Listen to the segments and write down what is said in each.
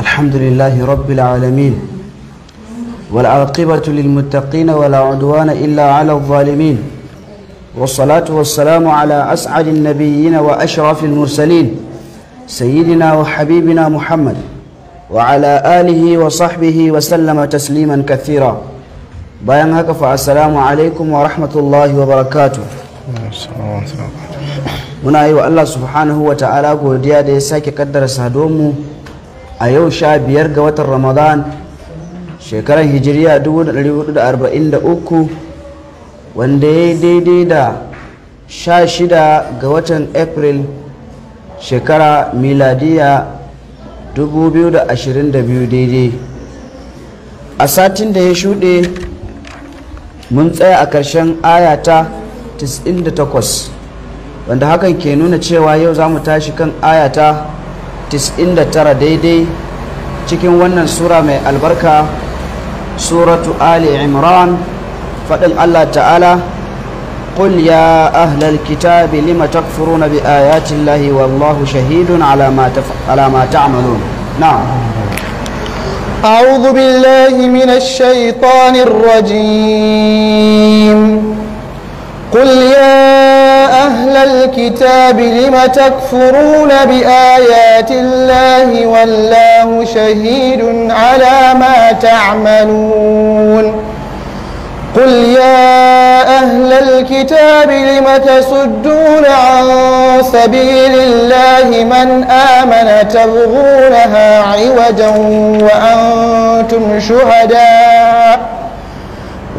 الحمد لله رب العالمين والعاقبة للمتقين ولا عدوان إلا على الظالمين والصلاة والسلام على أسعد النبيين وأشرف المرسلين سيدنا وحبيبنا محمد وعلى آله وصحبه وسلم تسليما كثيرا بيان هكا فالسلام عليكم ورحمة الله وبركاته muna yi wa Allah subhanahu wa ta'ala godiya da ya sake kaddara mu a yau sha biyar ga watan ramadan shekarar hijiriya 1443 wanda ya daidai da sha shida ga watan april shekara miladiya 2022 daidai a satin da ya shuɗe mun tsaya a ƙarshen ayata 98 wanda hakan ke nuna cewa yau za mu tashi kan ayata 99 daidai cikin wannan sura mai albarka suratu ali imran faɗin allah ta'ala قل يا أهل الكتاب لم تكفرون بآيات الله والله شهيد على ما, تف... على ما تعملون نعم أعوذ بالله من الشيطان الرجيم قل يا أهل الكتاب لم تكفرون بآيات الله والله شهيد على ما تعملون قل يا أهل الكتاب لم تصدون عن سبيل الله من آمن تبغونها عوجا وأنتم شهدان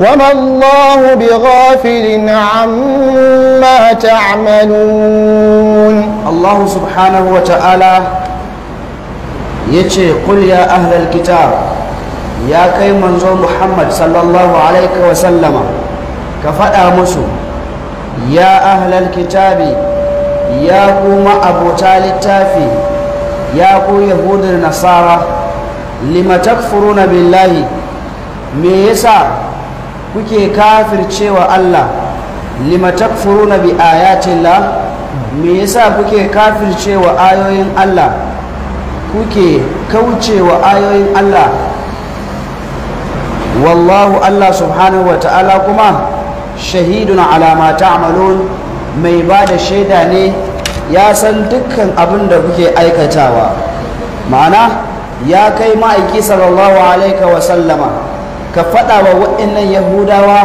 وما الله بغافل عما تعملون الله سبحانه وتعالى يتي قل يا أهل الكتاب يا كي منظور محمد صلى الله عليه وسلم كفأ مسو يا أهل الكتاب يا قوم أبو تالي التافي يا قوم يهود النصارى لما تكفرون بالله me yasa kuke kafircewa Allah lima na bi ayatillah me yasa kuke kafircewa ayoyin Allah kuke kaucewa ayoyin Allah wallahu Allah subhanahu wa ta'ala kuma shahidun alama ta'malun mai ba da shaida ne ya san dukkan abin da kuke aikatawa ma'ana ya kai ma'aiki sallallahu alaihi wa sallama ka faɗa wa waɗannan yahudawa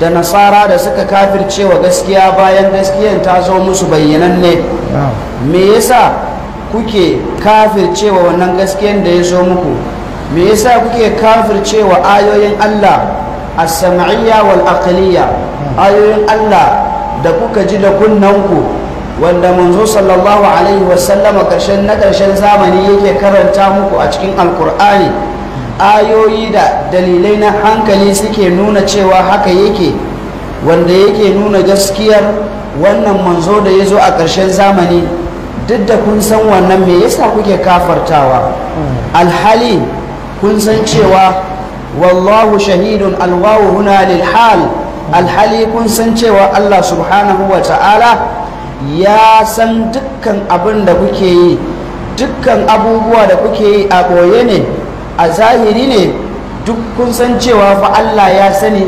da nasara da suka kafirce wa gaskiya bayan gaskiyan ta zo musu bayyananne me yasa kuke kafircewa wannan gaskiyan da ya zo muku me yasa kuke kafircewa ayoyin Allah as-sam'iyya wal aqliyya ayoyin Allah da kuka ji da kunnanku wanda manzo sallallahu alaihi wasallama karshen na karshen zamani yake karanta muku a cikin alkur'ani ayoyi da dalilai na hankali suke nuna cewa haka yake wanda yake nuna gaskiyar wannan manzo da ya zo a ƙarshen zamani duk da kun san wannan me yasa kuke kafartawa alhali kun san cewa wallahu shahidun alwawu huna lilhal alhali kun san cewa Allah subhanahu wa ta'ala ya san dukkan abin da kuke yi dukkan abubuwa da kuke yi a ɓoye ne a zahiri ne duk kun san cewa fa Allah ya sani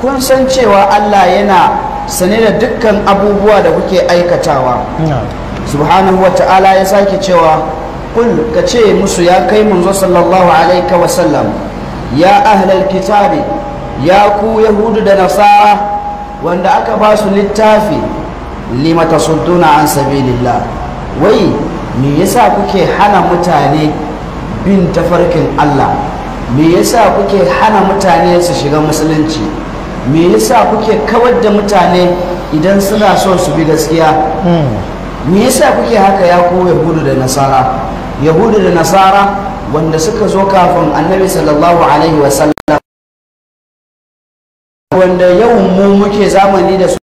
kun san cewa Allah yana sane da dukkan abubuwa da kuke aikatawa subhanahu wa ta'ala ya sake cewa kul ka ce musu ya kai munzo sallallahu alaihi wa sallam ya ahlal kitabi ya ku yahudu da nasara wanda aka ba su littafi lima tasudduna an sabilillah wai me yasa kuke hana mutane bin tafarkin Allah me yasa kuke hana mutane su shiga musulunci me yasa kuke kawar da mutane idan suna so su bi gaskiya me yasa kuke haka ya ko yahudu da nasara yahudu da nasara wanda suka zo kafin annabi sallallahu alaihi wa sallam. wanda yau mu muke zamani da su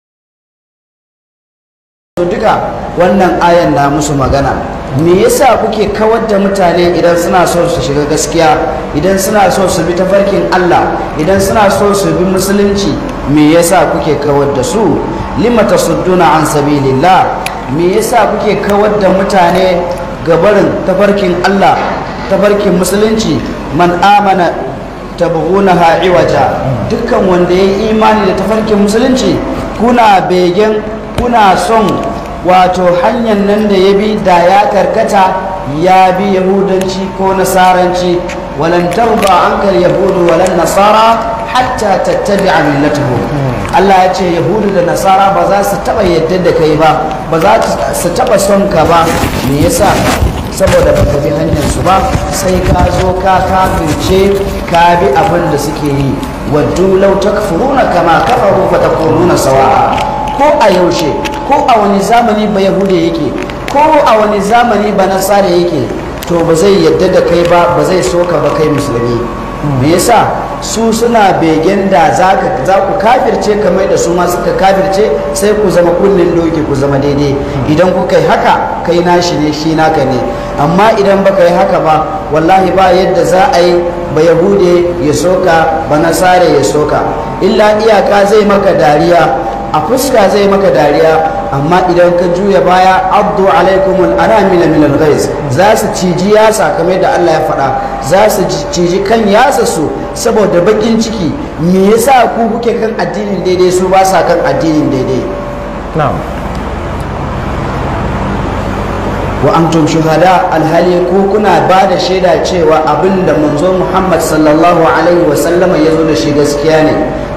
duka wannan ayan na musu magana me yasa kuke kawar da mutane idan suna so su shiga gaskiya idan suna so su bi tafarkin Allah idan suna so su bi musulunci me yasa kuke kawar da su lima tasudduna an sabilillah me yasa kuke kawar da mutane gabarin tafarkin Allah tafarkin musulunci man amana tabghunaha iwaja dukkan wanda ya imani da tafarkin musulunci kuna begen kuna son wato hanyar nan da ya bi da ya karkata ya bi yahudanci ko nasaranci ba an kar yahudu walan nasara hatta a millatahum Allah ya ce yahudu da nasara ba za su taba yadda da kai ba ba za su taba son ka ba me yasa saboda ba ka bi hanyar su ba sai ka zo ka kafince ka bi abin da suke yi waddu law takfuruna kama kafaru fa takununa sawa'a ko a yaushe ko a wani zamani ba yahude yake ko a wani zamani ba nasara yake to ba zai yadda da kai ba ba zai soka ba kai musulmi me yasa su suna begen da za ku kafirce kamar da su ma suka kafirce sai ku zama kullin doki ku zama daidai idan ku kai haka kai nashi ne shi naka ne amma idan baka yi haka ba wallahi ba yadda za a yi ba yahude ya soka ba nasare ya soka illa iyaka zai maka dariya a fuska zai maka dariya amma idan ka juya baya abdu alaikumul anamina min za su ciji yasa kamar da Allah ya faɗa za su ciji kan yasa su saboda bakin ciki me yasa ku kuke kan addinin daidai su ba sa kan addinin daidai na'am wa antum shuhada alhali ku kuna ba da shaida cewa abinda manzo Muhammad sallallahu alaihi wa sallama ya zo da shi gaskiya ne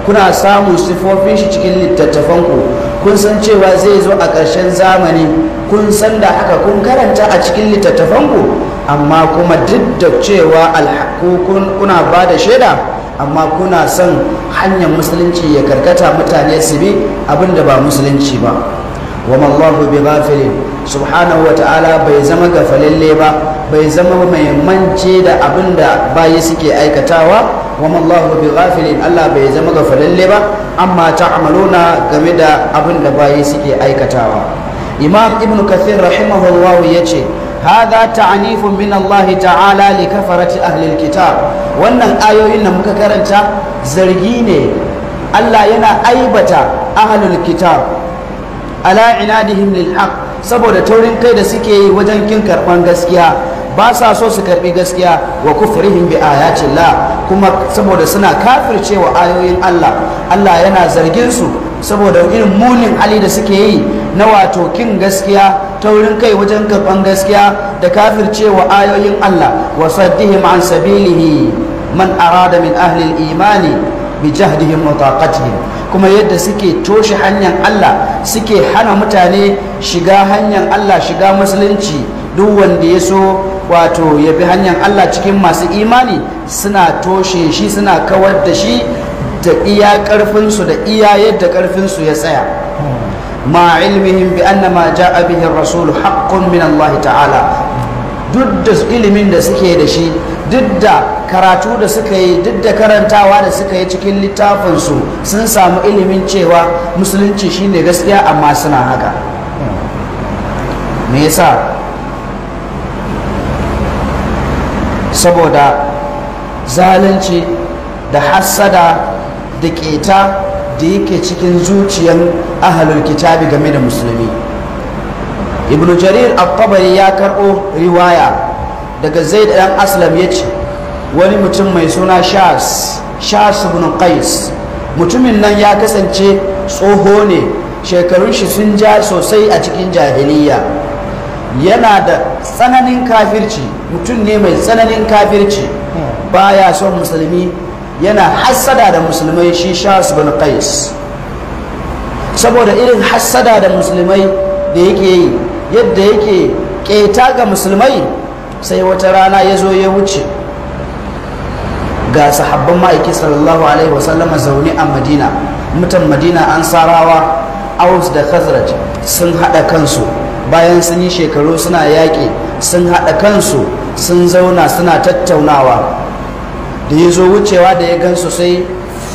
kuna samun sifofin shi cikin littattafan ku kun san cewa zai zo a ƙarshen zamani kun san da aka kun karanta a cikin littattafanku amma kuma duk da cewa alhakukun kuna ba da shaida amma kuna son hanyar musulunci ya karkata mutane su bi abin da ba musulunci ba wa mallahu bi ghafilin subhanahu wa ta'ala bai zama gafalalle ba bai zama mai mance da abin da bayi suke aikatawa wama Allahu bi ghafilin Allah bai zama falalle ba amma ta amaluna game da abin da bayi suke aikatawa Imam Ibn Kathir rahimahullahu yace hadha ta'anifun min Allah ta'ala li kafarati ahli kitab wannan ayoyin da muka karanta zargi ne Allah yana aibata ahlul kitab ala inadihim lil haqq saboda taurin kai da suke yi wajen kin karban gaskiya ba sa so su karbi gaskiya wa kufrihim bi ayatillah kuma saboda suna kafircewa ayoyin Allah Allah yana zargin su saboda irin munin hali da suke yi na wato kin gaskiya ta wurin kai wajen karban gaskiya da kafircewa ayoyin Allah wa saddihim an sabilihi man arada min ahli imani bi jahdihim wa taqatihim kuma yadda suke toshe hanyar Allah suke hana mutane shiga hanyar Allah shiga musulunci duk wanda ya so wato ya bi hanyar Allah cikin masu imani suna toshe shi suna kawar da shi da iya ƙarfinsu da iya yadda ƙarfinsu ya tsaya ma ilmihim bi anna ma ja'a bihi rasul haqqun min Allah ta'ala duk da ilimin da suke da shi duk da karatu da suka yi duk da karantawa da suka yi cikin littafinsu sun samu ilimin cewa musulunci shine gaskiya amma suna haka me yasa saboda zalunci da hassada da keta da yake cikin zuciyar ahalul kitabi game da musulmi ibn jarir al-tabari ya karɓo riwaya daga zaid dan aslam ya ce wani mutum mai suna shas shas ibn qais mutumin nan ya kasance tsoho ne shekarun shi sun ja sosai a cikin jahiliya yana da tsananin kafirci mutum ne mai tsananin kafirci baya son musulmi yana hassada da musulmai shi shas bin qais saboda irin hassada da musulmai da yake yi yadda yake keta ga musulmai sai wata rana ya zo ya wuce ga sahabban ma'aiki sallallahu alaihi wasallama zaune a madina mutan madina an sarawa aus da khazraj sun haɗa kansu bayan sun yi shekaru suna yaƙi sun haɗa kansu sun zauna suna tattaunawa da ya zo wucewa da ya gansu sai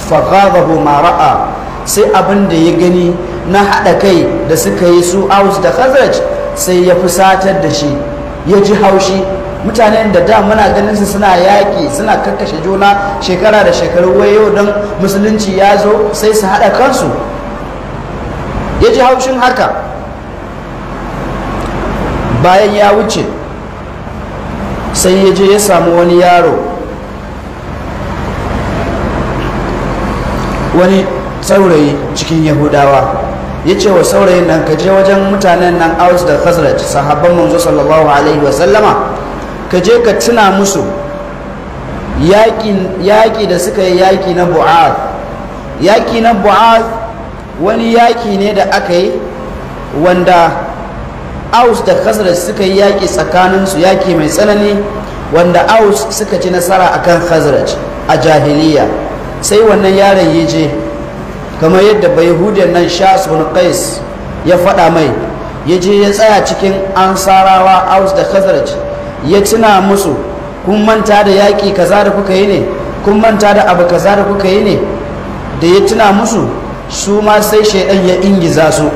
fagagahu mara'a sai abin da ya gani na haɗa kai da suka yi su aus da khazraj sai ya satar da shi ya ji haushi mutanen da da muna ganin su suna yaƙi suna karkashe juna shekara da shekaru wai yau don musulunci ya zo sai su haɗa kansu ya ji haushin haka bayan ya wuce sai ya je ya samu wani yaro wani saurayi cikin yahudawa ya ce wa saurayin nan ka je wajen mutanen nan aus da khazraj sahabban manzo sallallahu alaihi wasallama ka je ka tuna musu yaƙi da suka yi yaƙi na bu'ad yaƙi na bu'ad wani yaƙi ne da aka yi wanda aus da khazraj suka yi yaƙi tsakaninsu yaƙi mai tsanani wanda aus suka ci nasara a kan khazraj a jahiliya sai wannan yaron ya je kamar yadda bai hudun nan shas bin qais ya faɗa mai ya je ya tsaya cikin ansarawa aus da khazraj ya tuna musu kun manta da yaƙi kaza da kuka yi ne kun manta da abu kaza da kuka yi ne da ya tuna musu su ma sai shaidan ya ingiza su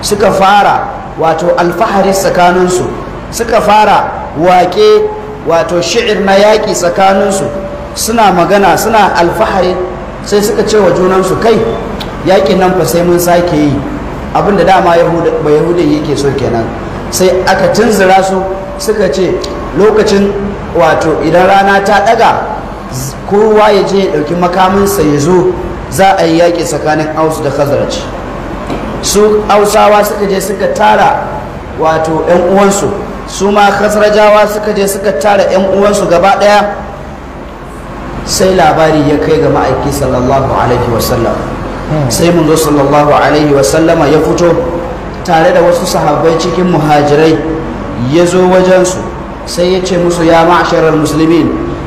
suka fara wato alfahari tsakaninsu suka fara waƙe wato shi'ir na yaƙi tsakaninsu suna magana suna alfahari sai suka ce wa junansu kai yaƙin nan fa sai mun sake yi abinda dama ba yake so kenan sai aka cinzira su suka ce lokacin wato idan rana ta ɗaga kowa ya je ya ɗauki makaminsa ya zo za a yi yaƙi tsakanin aus da khazraj su ausawa suka je suka tara wato 'yan uwansu su ma kasrajawa suka je suka tara 'yan uwansu gaba ɗaya sai labari ya kai ga ma'aiki sallallahu alaihi wasallam hmm. sai mun zo sallallahu alaihi wasallama ya fito tare da wasu sahabbai cikin muhajirai ya zo wajensu sai ya ce musu ya ma'asharar musulmin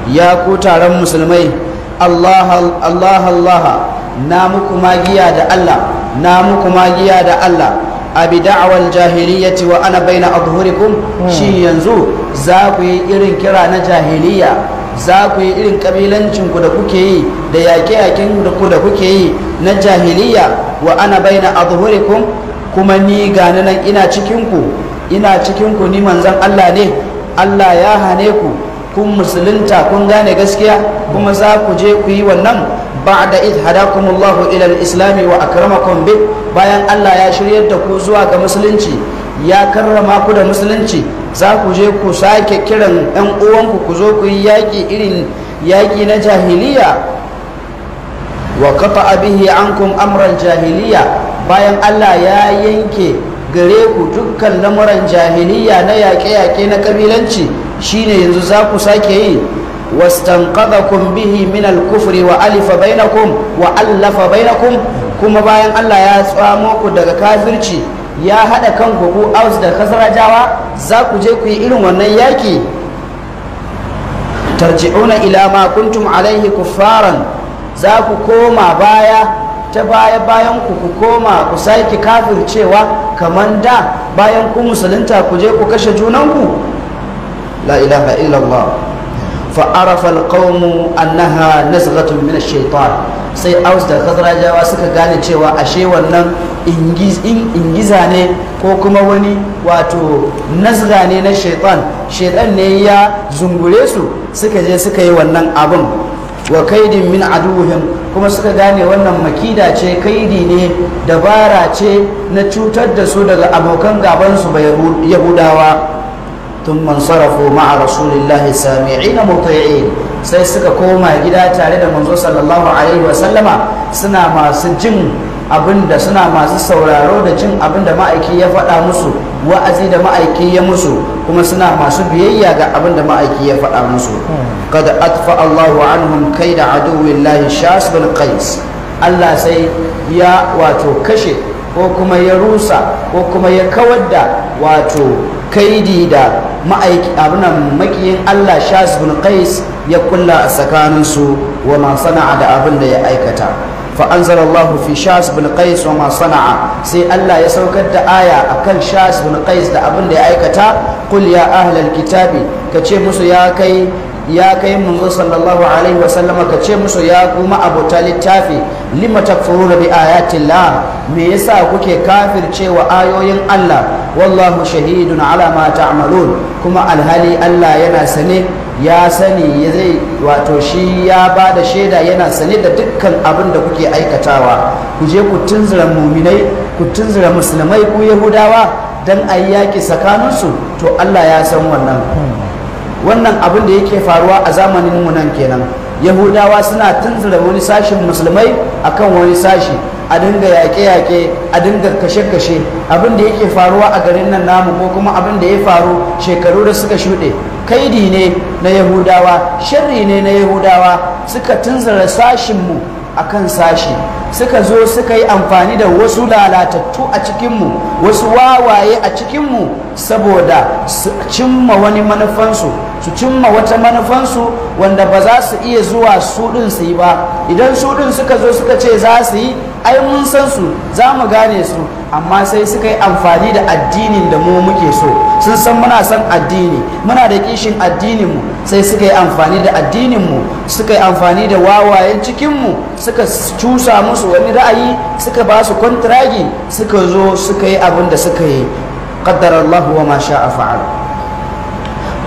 ya ku taron musulmai allah allah na muku magiya da allah na muku magiya da Allah a da'awar jahiliya wa ana baina adhurikum hmm. shi yanzu za ku yi irin kira na jahiliya za ku yi irin kabilancin da kuke yi da yaƙe yaƙen ku da kuke yi na jahiliya wa ana baina adhurikum kuma ni gani nan ina cikinku. ina cikinku ni manzon Allah ne Allah ya hane ku kun musulunta kun gane gaskiya kuma za ku je ku yi wannan ba'da id hadakumullahu ila al-islam wa akramakum bi bayan Allah ya shiryar da ku zuwa ga musulunci ya karrama ku da musulunci za ku je ku sake kiran ɗan uwanku ku zo ku yi yaƙi irin yaƙi na jahiliya wa kafa bihi ankum amran jahiliya bayan Allah ya yanke gare ku dukkan lamuran jahiliya na yaƙe-yaƙe na ƙabilanci shine yanzu za ku sake yi wastanqadhakum bihi min al-kufri wa alifa bainakum wa allafa bainakum kuma bayan Allah ya tsamo ku daga kafirci ya hada kan ku aus da kasrajawa za ku je ku yi irin wannan yaki tarji'una ila ma kuntum alaihi kuffaran za ku koma baya ta baya bayan ku ku koma ku saki kafircewa kaman da bayan ku musulunta ku je ku kashe junanku la ilaha illallah فعرف القوم annaha نزغه من shaitan sai aus da khazrajawa suka gane cewa ashe wannan ingiza ne ko kuma wani wato nazga ne na shaitan shaitan ne ya zungure su suka je suka yi wannan abin wa kaidin min aduhim kuma suka gane wannan makida ce kaidi ne dabara ce na cutar da su daga abokan gabansu su yahudawa tun mansarafu ma'a rasulillahi sami'ina muti'in sai suka koma gida tare da manzo sallallahu alaihi wa sallama suna masu jin abinda suna masu sauraro da jin abinda ma'aiki ya faɗa musu wa'azi da ma'aiki ya musu kuma suna masu biyayya ga abinda ma'aiki ya faɗa musu Kada atfa Allahu anhum kaida aduwillahi shas bin qais Allah sai ya wato kashe ko kuma ya rusa ko kuma ya kawar da wato kaidi da abinan makiyin Allah Shas bin Qais ya kulla a tsakaninsu wa ma sana'a da abin da ya aikata fa anzalallahu fi Shas bin Qais wa ma sana'a sai Allah ya saukar da aya akan Shas bin Qais da abin da ya aikata qul ya ahlal kitabi kace musu ya kai ya kai manzo sallallahu alaihi wasallam ka ce musu ya kuma abota littafi lima takfuruna bi ayatillah me yasa kuke kafir cewa ayoyin Allah wallahu shahidun ala ma ta'malun kuma alhali Allah yana sane ya sani ya zai wato shi ya ba da shaida yana sane da dukkan abin da kuke aikatawa ku je ku tunzura muminai ku tunzura musulmai ku yahudawa dan a yi yaƙi tsakaninsu to allah ya san wannan wannan abin da yake faruwa a zamanin mu nan kenan yahudawa suna tunzura wani sashen musulmai akan wani sashi a dinga yaƙe-yaƙe a dinga kashe-kashe abin da yake faruwa a garin nan namu ko kuma abin da ya faru shekaru da suka shuɗe kaidi ne na yahudawa shirri ne na yahudawa suka tunzura mu a kan sashi suka zo suka yi amfani da wasu lalatattu a cikinmu wasu wawaye a cikinmu saboda su cimma wani manufansu su cimma wata manufansu wanda ba za su iya zuwa su su yi ba idan suɗin suka zo suka ce za su yi ai mun san su za mu gane su amma sai suka yi amfani da addinin da mu muke so sun san muna son addini muna da kishin addininmu sai suka yi amfani da addininmu suka yi amfani da wawayen cikinmu suka cusa musu wani ra'ayi suka ba su kwantiragi suka zo suka yi abin da suka yi ƙaddar Allah wa a fa’ar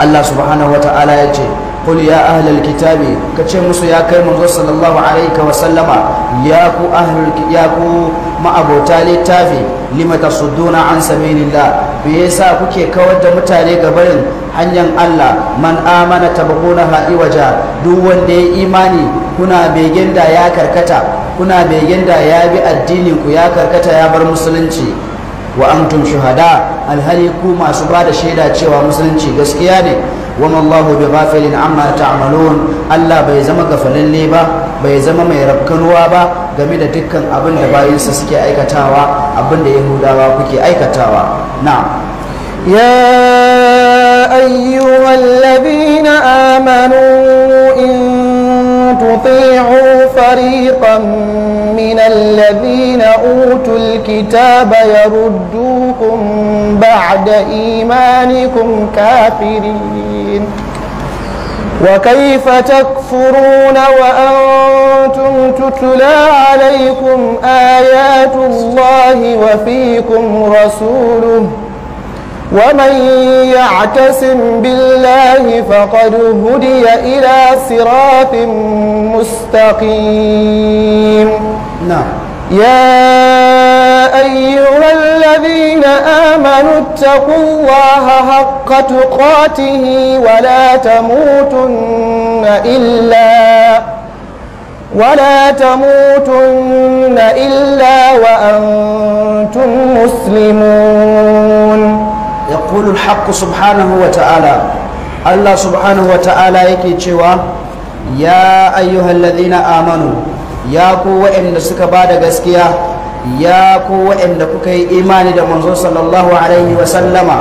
Allah subhanahu wa ta’ala ya ce قل musu ya kai mu يا كريم صلى الله عليه وسلم يا أهل يا ما أبو تالي تافي لما تصدون عن سبيل الله me yasa kuke kawar da mutane ga barin hanyar Allah man amana tabghuna ha'iwaja duk wanda ya imani kuna begen da ya karkata kuna begen da ya bi addinin ku ya karkata ya bar musulunci wa antum shuhada alhali ku masu ba da shaida cewa musulunci gaskiya ne wa mallahu bi ghafilin amma ta'malun Allah bai zama gafalalle ba bai zama mai rabkanuwa ba game da dukkan abinda da bayansa suke aikatawa abin da yahudawa kuke aikatawa na ya ayyuhal ladina amanu in tuti'u fariqan min alladhina utul kitaba yaruddukum ba'da imanikum kafirin وكيف تكفرون وأنتم تتلى عليكم آيات الله وفيكم رسوله ومن يعتصم بالله فقد هدي إلى صراط مستقيم نعم يا أيها الذين آمنوا اتقوا الله حق تقاته ولا تموتن إلا ولا تموتن إلا وأنتم مسلمون يقول الحق سبحانه وتعالى الله سبحانه وتعالى يكي يا أيها الذين آمنوا ya ku waɗanda suka ba da gaskiya ya ku waɗanda kuka yi imani da manzo sallallahu alaihi wa sallama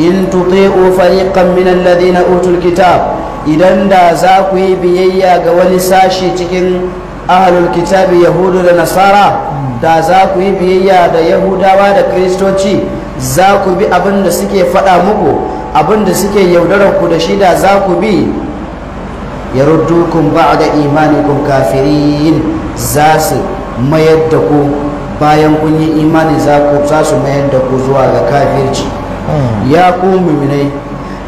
in tuti'u fariqan min alladhina utul kitab idan da za ku yi biyayya ga wani sashi cikin ahlul kitabi yahudu da nasara da za ku yi biyayya da yahudawa da kristoci za ku bi abin da suke faɗa muku abin da suke yaudarar ku da shi da za ku bi yaruddukum ba'da imanikum kafirin za su mayar da ku bayan kun yi imani za su mayar da ku zuwa ga kafirci ya ku muminai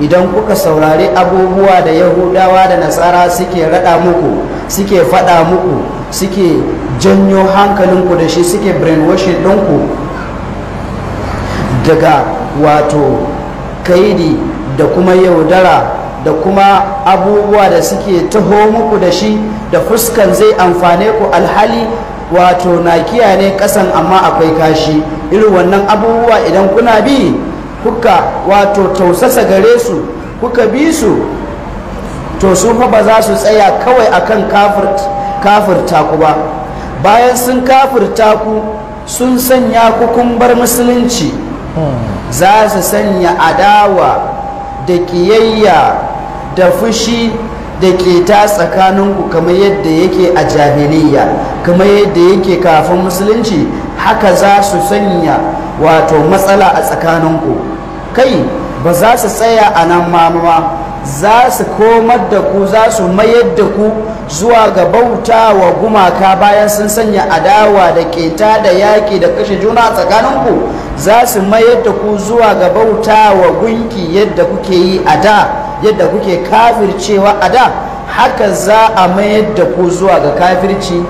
idan kuka saurari abubuwa da yahudawa da nasara suke rada muku suke fada muku suke janyo hankalinku da shi suke brainwashing ɗinku daga wato kaidi da kuma yaudara da kuma abubuwa da suke taho muku da shi da fuskan zai amfane ku alhali wato nakiya ne kasan amma akwai kashi irin wannan abubuwa idan kuna bi kuka wato tausasa gare su kuka bi su to su fa ba za su tsaya kawai akan kafirta ku ba bayan sun kafirta ku sun sanya ku bar musulunci hmm. za su sanya adawa da ƙiyayya da fushi da ke ta tsakaninku kamar yadda yake a jahiliya kamar yadda yake kafin musulunci haka za su sanya wato matsala a tsakaninku kai ba za su tsaya a nan mamama za su komar da ku za su mayar da ku zuwa ga bauta wa gumaka bayan sun sanya adawa da keta da yaƙi da kashe juna a tsakaninku za su mayar da ku zuwa ga bauta wa gunki yadda kuke yi a da yadda kuke kafircewa a da haka za a mayar da ku zuwa ga kafirci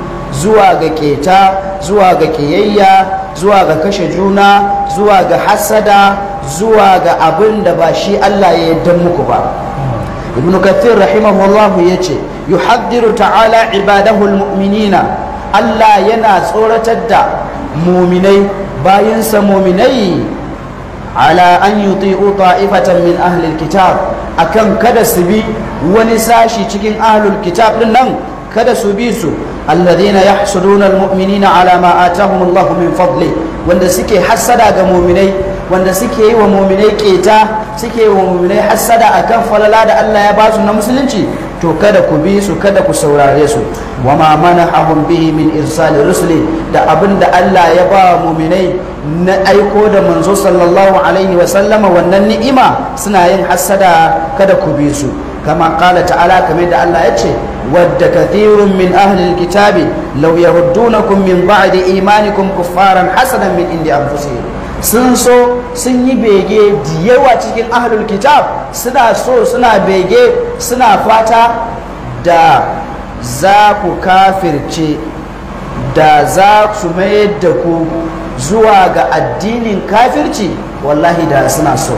zuwa ga keta zuwa ga kiyayya zuwa ga kashe juna zuwa ga hasada zuwa ga abin da ba shi Allah ya yadda muku ba ibn kathir rahimahullahu ce yuhaddiru ta'ala ibadahul muminina Allah yana tsoratar da muminai bayansa muminai ala an yuti'u ta'ifatan min ahlil kitab akan kada su bi wani sashi cikin ahlul kitab din nan kada su bi su alladhina yahsuduna almu'minina ala ma atahum Allah min fadli wanda suke hassada ga mu'minai wanda suke yi wa mu'minai keta suke yi wa mu'minai hassada akan falala da Allah ya ba su na musulunci to kada ku bi su kada ku saurare su wa ma manahahum bihi min irsali rusuli da abin da Allah ya ba muminai na aiko da manzo sallallahu alaihi wa sallama wannan ni'ima suna yin hasada kada ku bi su kama qala ta'ala kamar da Allah ya ce wadda kathirun min ahli alkitabi law yaruddunakum min ba'di imanikum kuffaran hasadan min indi anfusihim sun so sun yi bege da yawa cikin ahlulkitab, kitab suna so suna bege suna fata da za ku kafirce da za su mayar da ku zuwa ga addinin kafirci wallahi da suna so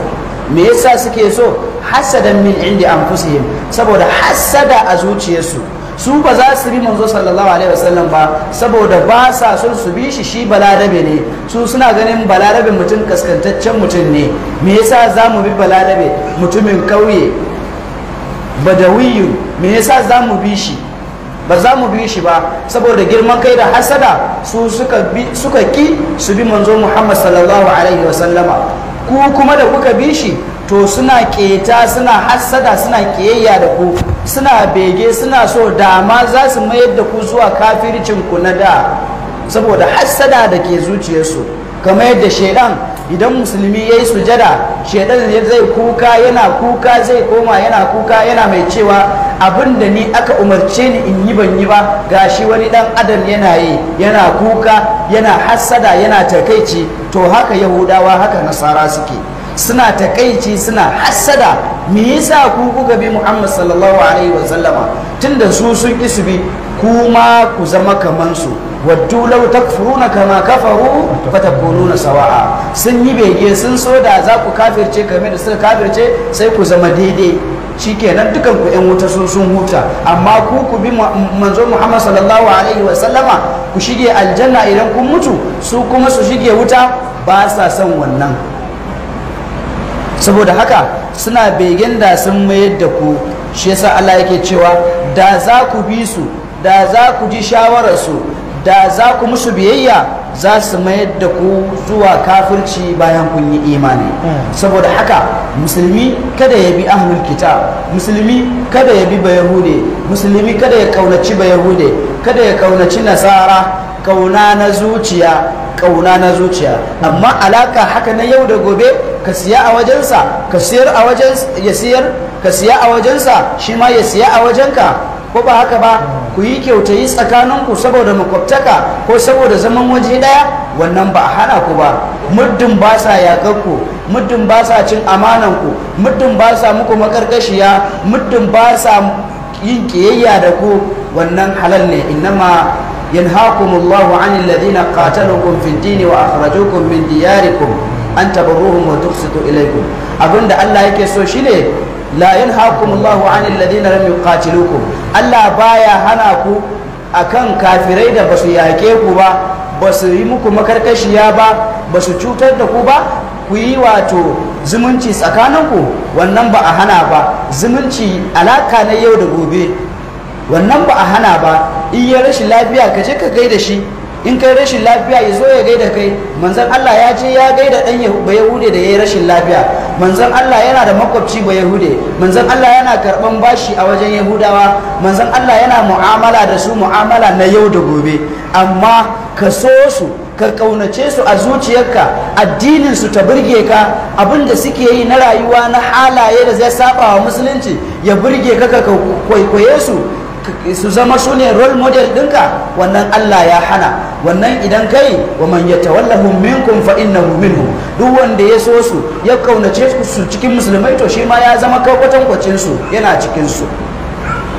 me yasa suke so hasadan min inda anfusihim saboda hasada a zuciyarsu su ba za su bi manzo sallallahu alaihi wasallam ba saboda ba sa son su bi shi shi balarabe ne su suna ganin balarabe mutum kaskantaccen mutum ne me yasa za mu bi balarabe mutumin kauye badawiyu me yasa za mu bi shi ba za mu bi shi ba saboda girman kai da hasada su suka ki su bi manzo muhammad sallallahu alaihi wasallama ku kuma da kuka bi shi to suna keta suna hasada suna kiyayya da ku suna bege suna so dama za su mayar da ku zuwa kafircin ku na da saboda hassada da ke zuciyarsu kamar yadda shaidan idan musulmi ya yi sujada shaidan zai kuka yana kuka zai koma yana kuka yana mai cewa abin da ni aka umarce ni in yi ban yi ba ga shi wani dan adam yana yi yana kuka yana hassada yana takaici to haka yahudawa haka nasara suke suna takaici suna hassada me yasa ku kuka bi Muhammad sallallahu alaihi wa sallama tunda su sun ki su bi kuma ku zama kaman su waddu law takfuruna kama kafaru fatakununa sawa'a sun yi bege sun so da za ku kafirce kamar da suka kafirce sai ku zama daidai shikenan dukan ku yan wuta sun sun huta amma ku ku bi manzo Muhammad sallallahu alaihi wa sallama ku shige aljanna idan kun mutu su kuma su shige wuta ba sa son wannan saboda haka suna begen da sun mayar da ku shi yasa Allah yake cewa da za ku bi su da za ku ji shawararsu da za ku musu biyayya za su mayar da ku zuwa kafirci bayan kun yi imani saboda haka musulmi kada ya bi ahlul kitab musulmi kada ya bi bayahude musulmi kada ya kaunaci bayahude kada ya kaunaci nasara kauna na zuciya kauna na zuciya amma alaka haka na yau da gobe ka siya a wajensa ka siyar a wajen ya siyar ka siya a wajensa shi ma ya siya a wajenka ko ba haka ba ku yi kyautayi tsakaninku saboda makwabtaka ko saboda zaman waje daya wannan ba a hana ku ba muddin ba sa yakanku muddin ba sa cin amananku muddin ba sa muku makarkashiya muddin ba sa yin kiyayya da ku wannan halal ne innama ينهاكم الله عن الذين قاتلوكم في الدين وأخرجوكم من دياركم أن تبروهم وتقسطوا إليكم أبن الله يكي سو شيني لا ينهاكم الله عن الذين لم يقاتلوكم الله بايا هناكو akan kafirai da basu yake ku ba basu yi muku makarkashiya ba basu cutar da ku ba ku yi wato zumunci tsakaninku wannan ba a hana ba zumunci alaka na yau da gobe wannan ba a hana ba in ya rashin lafiya ka je ka gaida shi in kai rashin lafiya ya zo ya gaida kai manzan Allah ya je ya gaida ɗan yahude da yi rashin lafiya manzan Allah yana da makwabci ba yahude manzan Allah yana karban bashi a wajen yahudawa manzan Allah yana mu'amala da su mu'amala na yau da gobe amma ka so su ka kaunace su a zuciyarka addinin su ta burge ka abin da suke yi na rayuwa na halaye da zai saba wa musulunci ya burge ka ka kwaikwaye su su zama su ne role model ɗinka wannan Allah ya hana wannan idan kai wa man yatawallahum minkum fa innahu minhu duk wanda ya so su ya kaunace su cikin musulmai to shi ma ya zama kai kwatankwacin su yana cikin su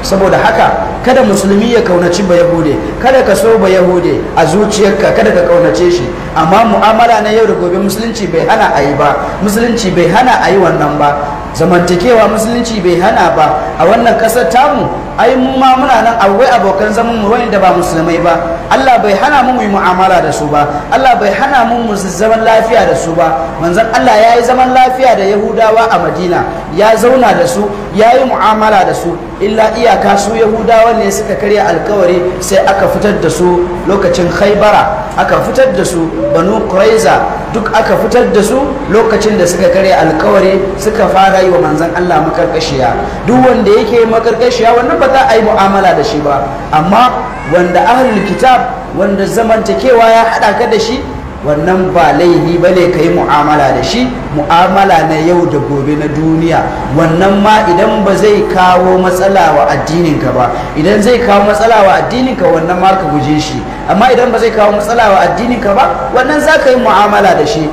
saboda haka kada musulmi ya kaunaci ba yahude kada ka so ba yahude a zuciyarka kada ka kaunace shi amma mu'amala na yau da gobe musulunci bai hana a yi ba musulunci bai hana a yi wannan ba zamantakewa musulunci bai hana ba a wannan kasar tamu ai mu ma muna nan awai abokan zaman mu da ba musulmai ba Allah bai hana mu yi mu'amala da su ba Allah bai hana mu mu zaman lafiya da su ba manzon Allah ya yi zaman lafiya da Yahudawa a Madina ya zauna da su ya yi mu'amala da su illa iyaka su Yahudawa ne suka karya alkawari sai aka fitar da su lokacin haibara aka fitar da su banu kuraiza duk aka fitar da su lokacin da suka karya alkawari suka fara yi wa manzan Allah makarkashiya duk wanda yake makarkashiya wannan ba za a yi mu'amala da shi ba amma wanda ahlul kitab wanda zamantakewa ya haɗa ka da shi wannan ba laihi ba ne ka yi mu'amala da shi mu'amala na yau da gobe na duniya wannan ma idan ba zai kawo matsala wa addininka ba idan zai kawo matsala wa addininka wannan ma ka guje shi amma idan ba zai kawo matsala wa addininka ba wannan za ka yi mu'amala da shi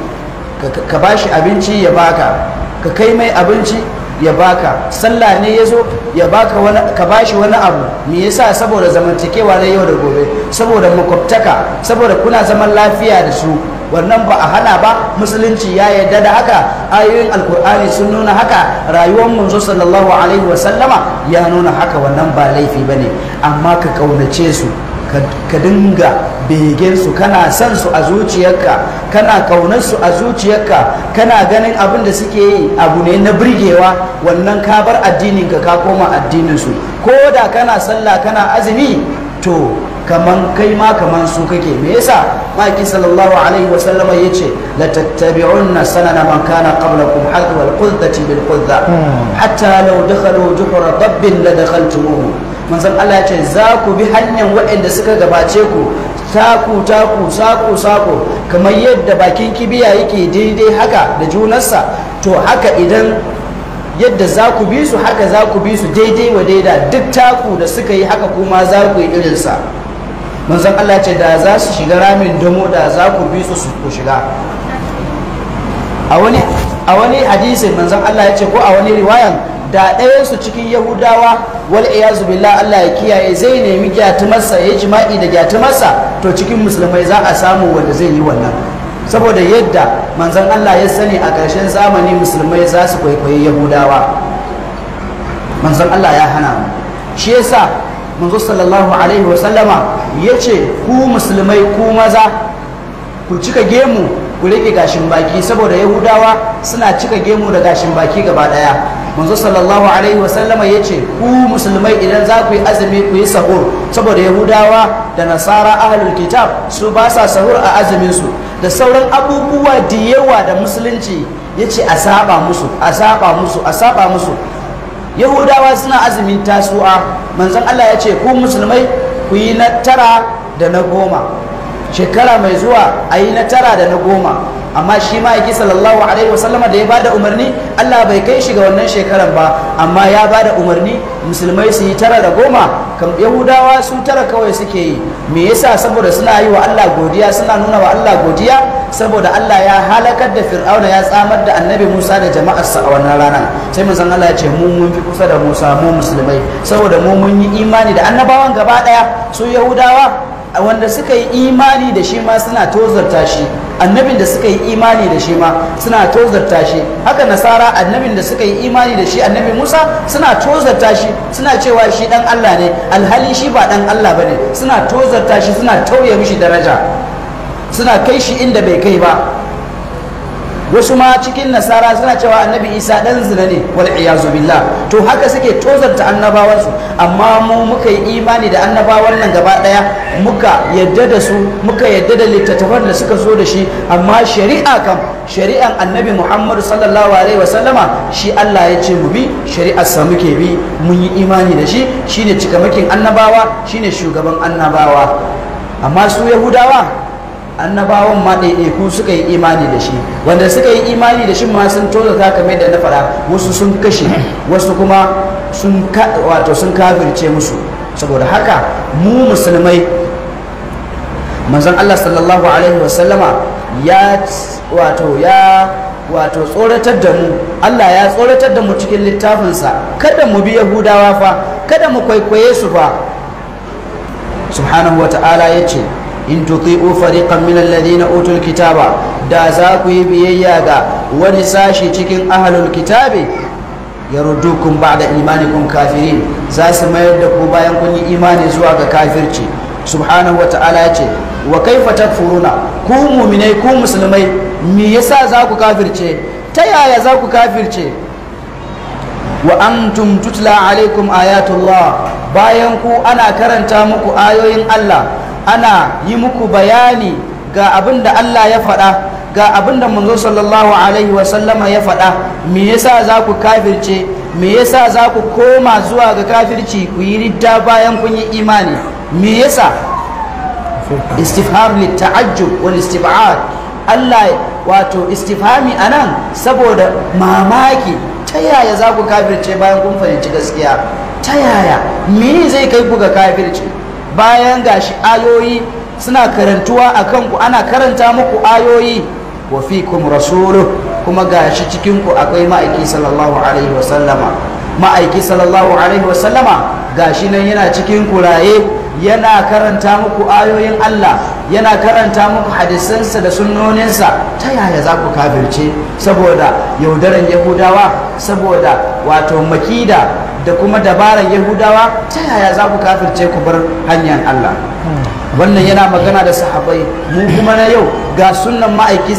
ka ba shi abinci ya baka ka kai mai abinci ya baka sallah ne ya zo ya ba ka ba shi wani abu me yasa saboda zamantakewa na yau da gobe saboda makwabtaka saboda kuna zaman lafiya da su wannan ba a hana ba musulunci ya yarda da haka ayoyin alkur'ani sun nuna haka rayuwar manzo sallallahu alaihi wasallama ya nuna haka wannan ba laifi bane amma ka kaunace su ka dinga begen su kana san su a zuciyarka kana kaunar su a zuciyarka kana ganin abin da suke yi abu ne na birgewa wannan ka bar addininka ka koma addininsu ko da kana sallah kana azumi to kaman kai ma kaman su kake me yasa maki sallallahu alaihi wa sallama yace la tattabi'unna sanana man kana qablakum hadwa al-qudda bil qudda hmm. hatta law dakhalu juhra dabbin la dakhaltumuhu manzon Allah ya ce za ku bi hanyar waɗanda suka gabace ku taku taku saku saku kamar yadda bakin kibiya yake daidai haka da junarsa to haka idan yadda za ku bi su haka za ku bi su daidai wa daida duk taku da suka yi haka kuma za ku yi irinsa manzon Allah ce da za su shiga ramin damo da za ku bi su su ku shiga a wani a wani hadisin Allah ya ce ko a wani riwayan da su cikin yahudawa wal iyazu billah Allah ya kiyaye zai nemi gyatumarsa ya jima'i da gyatumarsa to cikin musulmai za a samu wanda zai yi wannan saboda yadda manzon Allah ya sani a ƙarshen zamani musulmai za su kwaikwayi yahudawa manzon Allah ya hana mu shi yasa manzo sallallahu alaihi wasallama ya ce ku musulmai ku maza ku cika gemu ku riƙe gashin baki saboda yahudawa suna cika gemu da gashin baki gaba ɗaya manzo sallallahu alaihi wasallama ya ce ku musulmai idan za ku yi azumi ku yi sahur saboda yahudawa da nasara ahlul kitab su ba sa sahur a azuminsu, da sauran abubuwa da yawa da musulunci ya ce a saba musu a saba musu a saba musu yahudawa suna azumin tasuwa, manzon allah ya ce ku musulmai ku yi na tara da na goma shekara mai zuwa a yi na tara da na goma amma shi ma yake sallallahu alaihi wasallama da ya ba da umarni allah bai kai shi ga wannan shekaran ba amma ya bada umarni musulmai su yi tara da goma kam yahudawa su tara kawai suke yi me yasa saboda suna yi wa allah godiya suna nuna wa allah godiya saboda allah ya halakar da fir'auna ya tsamar da annabi musa da jama'ar jama'arsa a wannan rana sai san allah ya ce mu mun fi kusa da musa mu musulmai saboda mu mun yi imani da annabawan gaba daya su yahudawa wanda suka yi imani da shi ma suna tozarta shi annabin da suka yi imani da shi ma suna tozarta shi haka nasara annabin da suka yi imani da shi annabi musa suna tozarta shi suna cewa shi dan allah ne alhali shi ba dan allah ba ne suna tozarta shi suna tauye mishi daraja suna kai shi inda bai kai ba wasu ma cikin nasara suna cewa annabi isa dan zina ne wal iyazu billah to haka suke tozarta annabawansu amma mu muka yi imani da annabawan nan gaba daya muka yadda da su muka yadda da littattafan da suka zo da shi amma shari'a kam shari'an annabi muhammadu sallallahu alaihi wasallama shi allah ya ce mu bi shari'ar sa muke bi mun yi imani da shi shine cikamakin annabawa shine shugaban annabawa amma su yahudawa annabawan ma ɗaiɗaiku suka yi imani da shi wanda suka yi imani da shi ma sun ta kamar da na faɗa wasu sun kashe wasu kuma sun wato sun kafirce musu saboda haka mu musulmai manzon Allah sallallahu alaihi wasallama ya wato ya wato tsoratar da mu Allah ya tsoratar da mu cikin littafinsa kada mu bi yahudawa fa kada mu kwaikwaye su fa subhanahu wa ta'ala ya in tuti'u fariqan min na utul kitaba da za ku yi biyayya ga wani sashi cikin ahlul kitabi yaruddukum ba'da imanikum kafirin za su mayar da ku bayan kun yi imani zuwa ga kafirci subhanahu wata'ala ce wa kaifa takfuruna ku mu'minai ku musulmai me yasa za ku kafirce ta yaya za ku kafirce wa antum tutla alaikum ayatullah bayan ku ana karanta muku ayoyin Allah ana yi muku bayani ga abin da Allah ya faɗa ga abin da manzo sallallahu alaihi wasallama ya faɗa me yasa za ku kafirce me yasa za ku koma zuwa ga kafirci ku yi ridda bayan kun yi imani me yasa istifham ta'ajjub wal istib'ad Allah wato istifhami anan saboda mamaki ta yaya za ku kafirce bayan kun fahimci gaskiya ta yaya me zai kai ku ga kafirci bayan gashi ayoyi suna karantuwa a kanku ana karanta muku ayoyi wa fikum rasulu kuma gashi cikinku akwai ma'aiki sallallahu alaihi wasallama ma'aiki sallallahu alaihi wasallama gashi nan yana cikin kuraye yana karanta muku ayoyin Allah yana karanta muku hadisansa da sunnoninsa ta yaya za ku kafirce saboda yaudaran yahudawa saboda wato makida da kuma dabarar yahudawa ta yaya za ku kafirce ku bar hanyar allah wannan yana magana da sahabai mu kuma na yau ga sunan ma'aiki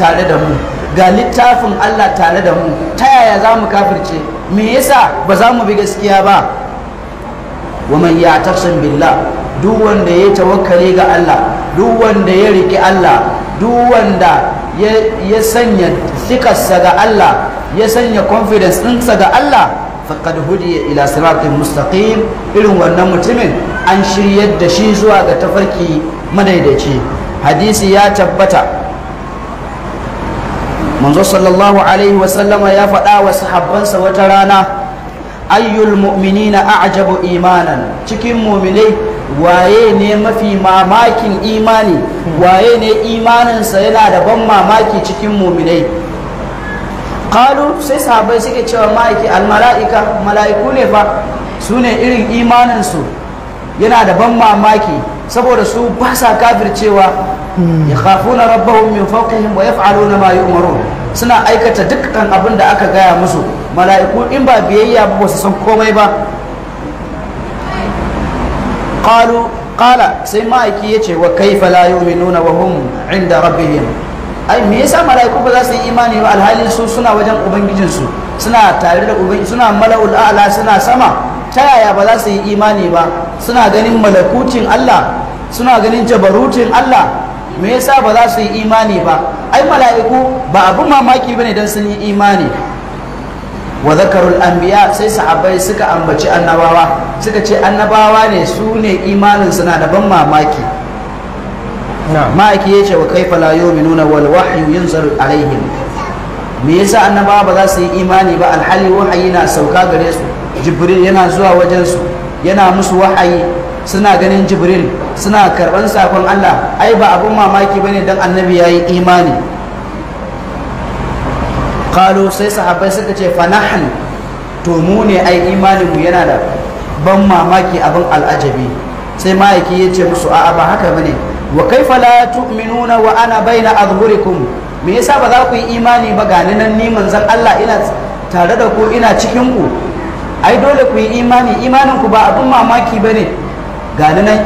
tare da mu ga littafin allah tare da mu ta yaya za mu kafirce me yasa ba za mu bi gaskiya ba wa man ya'tasim billah duk wanda ya tawakkale ga allah duk wanda ya riki allah duk wanda ya sanya sikarsa ga allah ya sanya confidence ɗinsa ga allah hudu ya ila siratin mustaqim irin wannan mutumin an shiryar da shi zuwa ga tafarki madaidaici hadisi ya tabbata manzo sallallahu alaihi wasallama ya faɗa wa sahabbansa wata rana ayyul mu'minina a'jabu imanan cikin mu'minai waye ne mafi mamakin imani waye ne imaninsa yana da ban mamaki cikin mu'minai qalu sai sahabai suke cewa ma'aiki almala'ika mala'iku ne fa su ne irin imaninsu yana da ban mamaki saboda su ba sa kafircewa hmm. ya khafuna rabbahum min fawqihim wa yaf'aluna ma umaru? suna aikata dukkan abin da aka gaya musu mala'iku in ba biyayya ba su san komai ba qalu qala sai ma'aiki ce wa kaifa la yu'minuna wa hum 'inda rabbihim ai me yasa mala'iku ba za su yi imani ba alhalin su suna wajen ubangijinsu suna tare da ubangiji suna mala'ul a'la suna sama ta yaya ba za su yi imani ba suna ganin malakucin Allah suna ganin jabarutin Allah me yasa ba za su yi imani ba ai mala'iku ba abin mamaki bane dan sun yi imani wa zakarul anbiya sai sahabbai suka ambaci annabawa suka ce annabawa ne su ne imanin suna da ban mamaki ma'aiki ya ce wa kaifa la nuna wal wahyu yunzar alaihim me yasa annaba ba za su yi imani ba alhali wahayi na sauka gare su jibril yana zuwa wajen su yana musu wahayi suna ganin jibril suna karban sakon Allah ai ba abun mamaki bane dan annabi yayi imani qalu sai sahabbai suka ce fanahan to mu ne ai imanin mu yana da ban mamaki abin al'ajabi sai ma'aiki ya ce musu a'a ba haka bane wa kaifa la tu'minuna wa ana baina azhurikum me yasa ba za ku yi imani ba ga nan ni manzon Allah ina tare da ku ina cikin ku ai dole ku yi imani imanin ku ba abin mamaki bane ga nan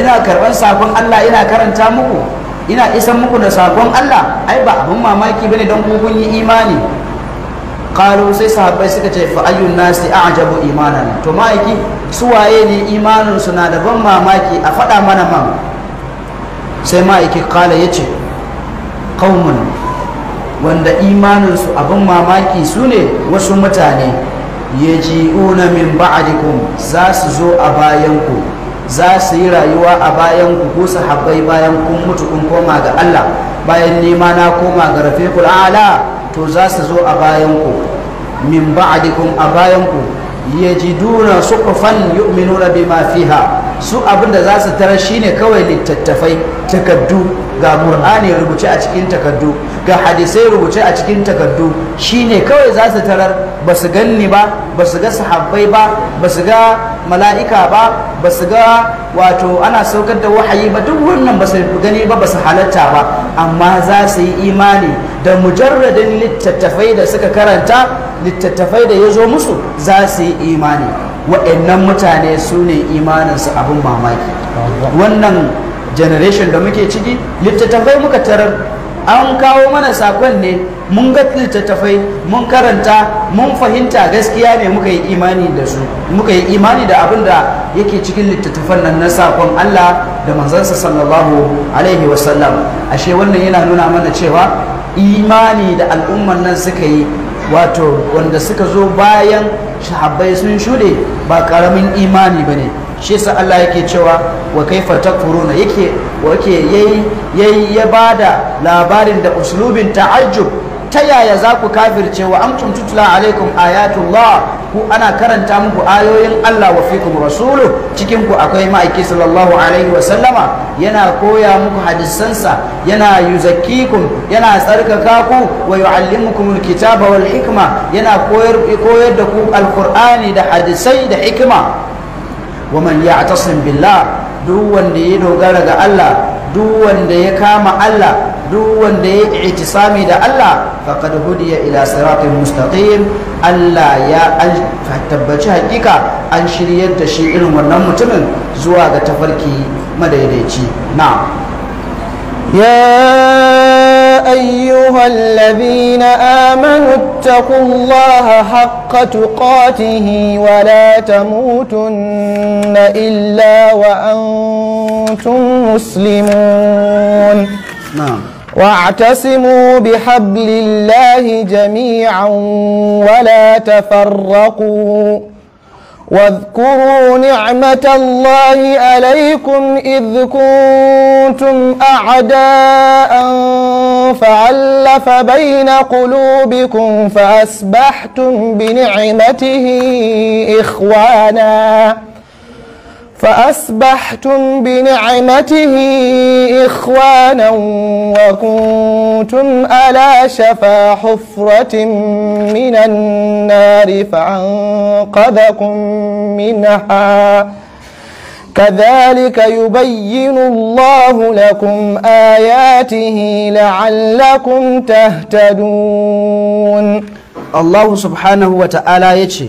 ina karban sakon Allah ina karanta muku ina isan muku da sakon Allah ai ba abin mamaki bane don ku kun yi imani qalu sai sahabbai suka ce fa ayyun nasi a'jabu imanan to ma'aiki su waye ne imanin su na da ban mamaki a faɗa mana man sai ma'aiki kala ya ce kaumun wanda imaninsu abin mamaki su ne wasu mutane ya ji una min ba'adikum za su zo a bayanku za su yi rayuwa a bayanku ko su habbai bayan kun mutu kun koma ga Allah bayan nema na koma ga rafiqul a'la to za su zo a bayanku min ba'adikum a bayanku ya ji yajiduna suqufan yu'minuna bima fiha su abin da za su tarar shine kawai littattafai takardu ga qur'ani rubuce a cikin takaddu ga hadisai rubuce a cikin takaddu shine kawai za su tarar ba su ganni ba ba su ga sahabbai ba ba su ga mala'ika ba ba su ga wato ana saukar da wahayi ba duk wannan ba su gani ba ba su halatta ba amma za su yi imani da mujarradin littattafai da suka karanta littattafai da ya zo musu za su yi imani waɗannan mutane su ne imaninsu abin mamaki wannan generation da muke ciki littattafai muka tarar an kawo mana sakon ne mun ga littattafai mun karanta mun fahimta gaskiya ne muka yi imani da su muka yi imani da abin da yake cikin littattafan nan na sakon Allah da manzansa sallallahu alaihi wasallam ashe wannan yana nuna mana cewa imani da al'umman nan suka yi wato wanda suka zo bayan sahabbai sun shuɗe ba ƙaramin imani ba ne shi sa Allah yake cewa wa kaifa takfuruna yake yake yayi ya da labarin da uslubin ta'ajjub ta yaya za ku kafirce wa amtum tutla alaikum ayatullah ku ana karanta muku ayoyin Allah wa fikum rasulu cikin ku akwai ma'aiki sallallahu alaihi wa sallama yana koya muku hadisansa yana yuzakkikum yana tsarkaka ku wa yu'allimukum alkitaba wal hikma yana koyar koyar da ku alqur'ani da hadisai da hikima wa man ya'tasim billah duk wanda ya dogara ga Allah duk wanda ya kama Allah duk wanda ya yi itisami da Allah faqad hudiya ila siratin mustaqim Allah ya tabbaci hakika an shiryar da shi irin wannan mutumin zuwa ga tafarki madaidaici na ya ayyuhal ladhina amanu taqullaha haqqa tuqatihi wa la tamutunna illa wa antum muslimun واعتصموا بحبل الله جميعا ولا تفرقوا واذكروا نعمة الله عليكم إذ كنتم أعداء فألف بين قلوبكم فأصبحتم بنعمته إخواناً فأصبحتم بنعمته إخوانا وكنتم على شفا حفرة من النار فأنقذكم منها كذلك يبين الله لكم آياته لعلكم تهتدون الله سبحانه وتعالى يتشي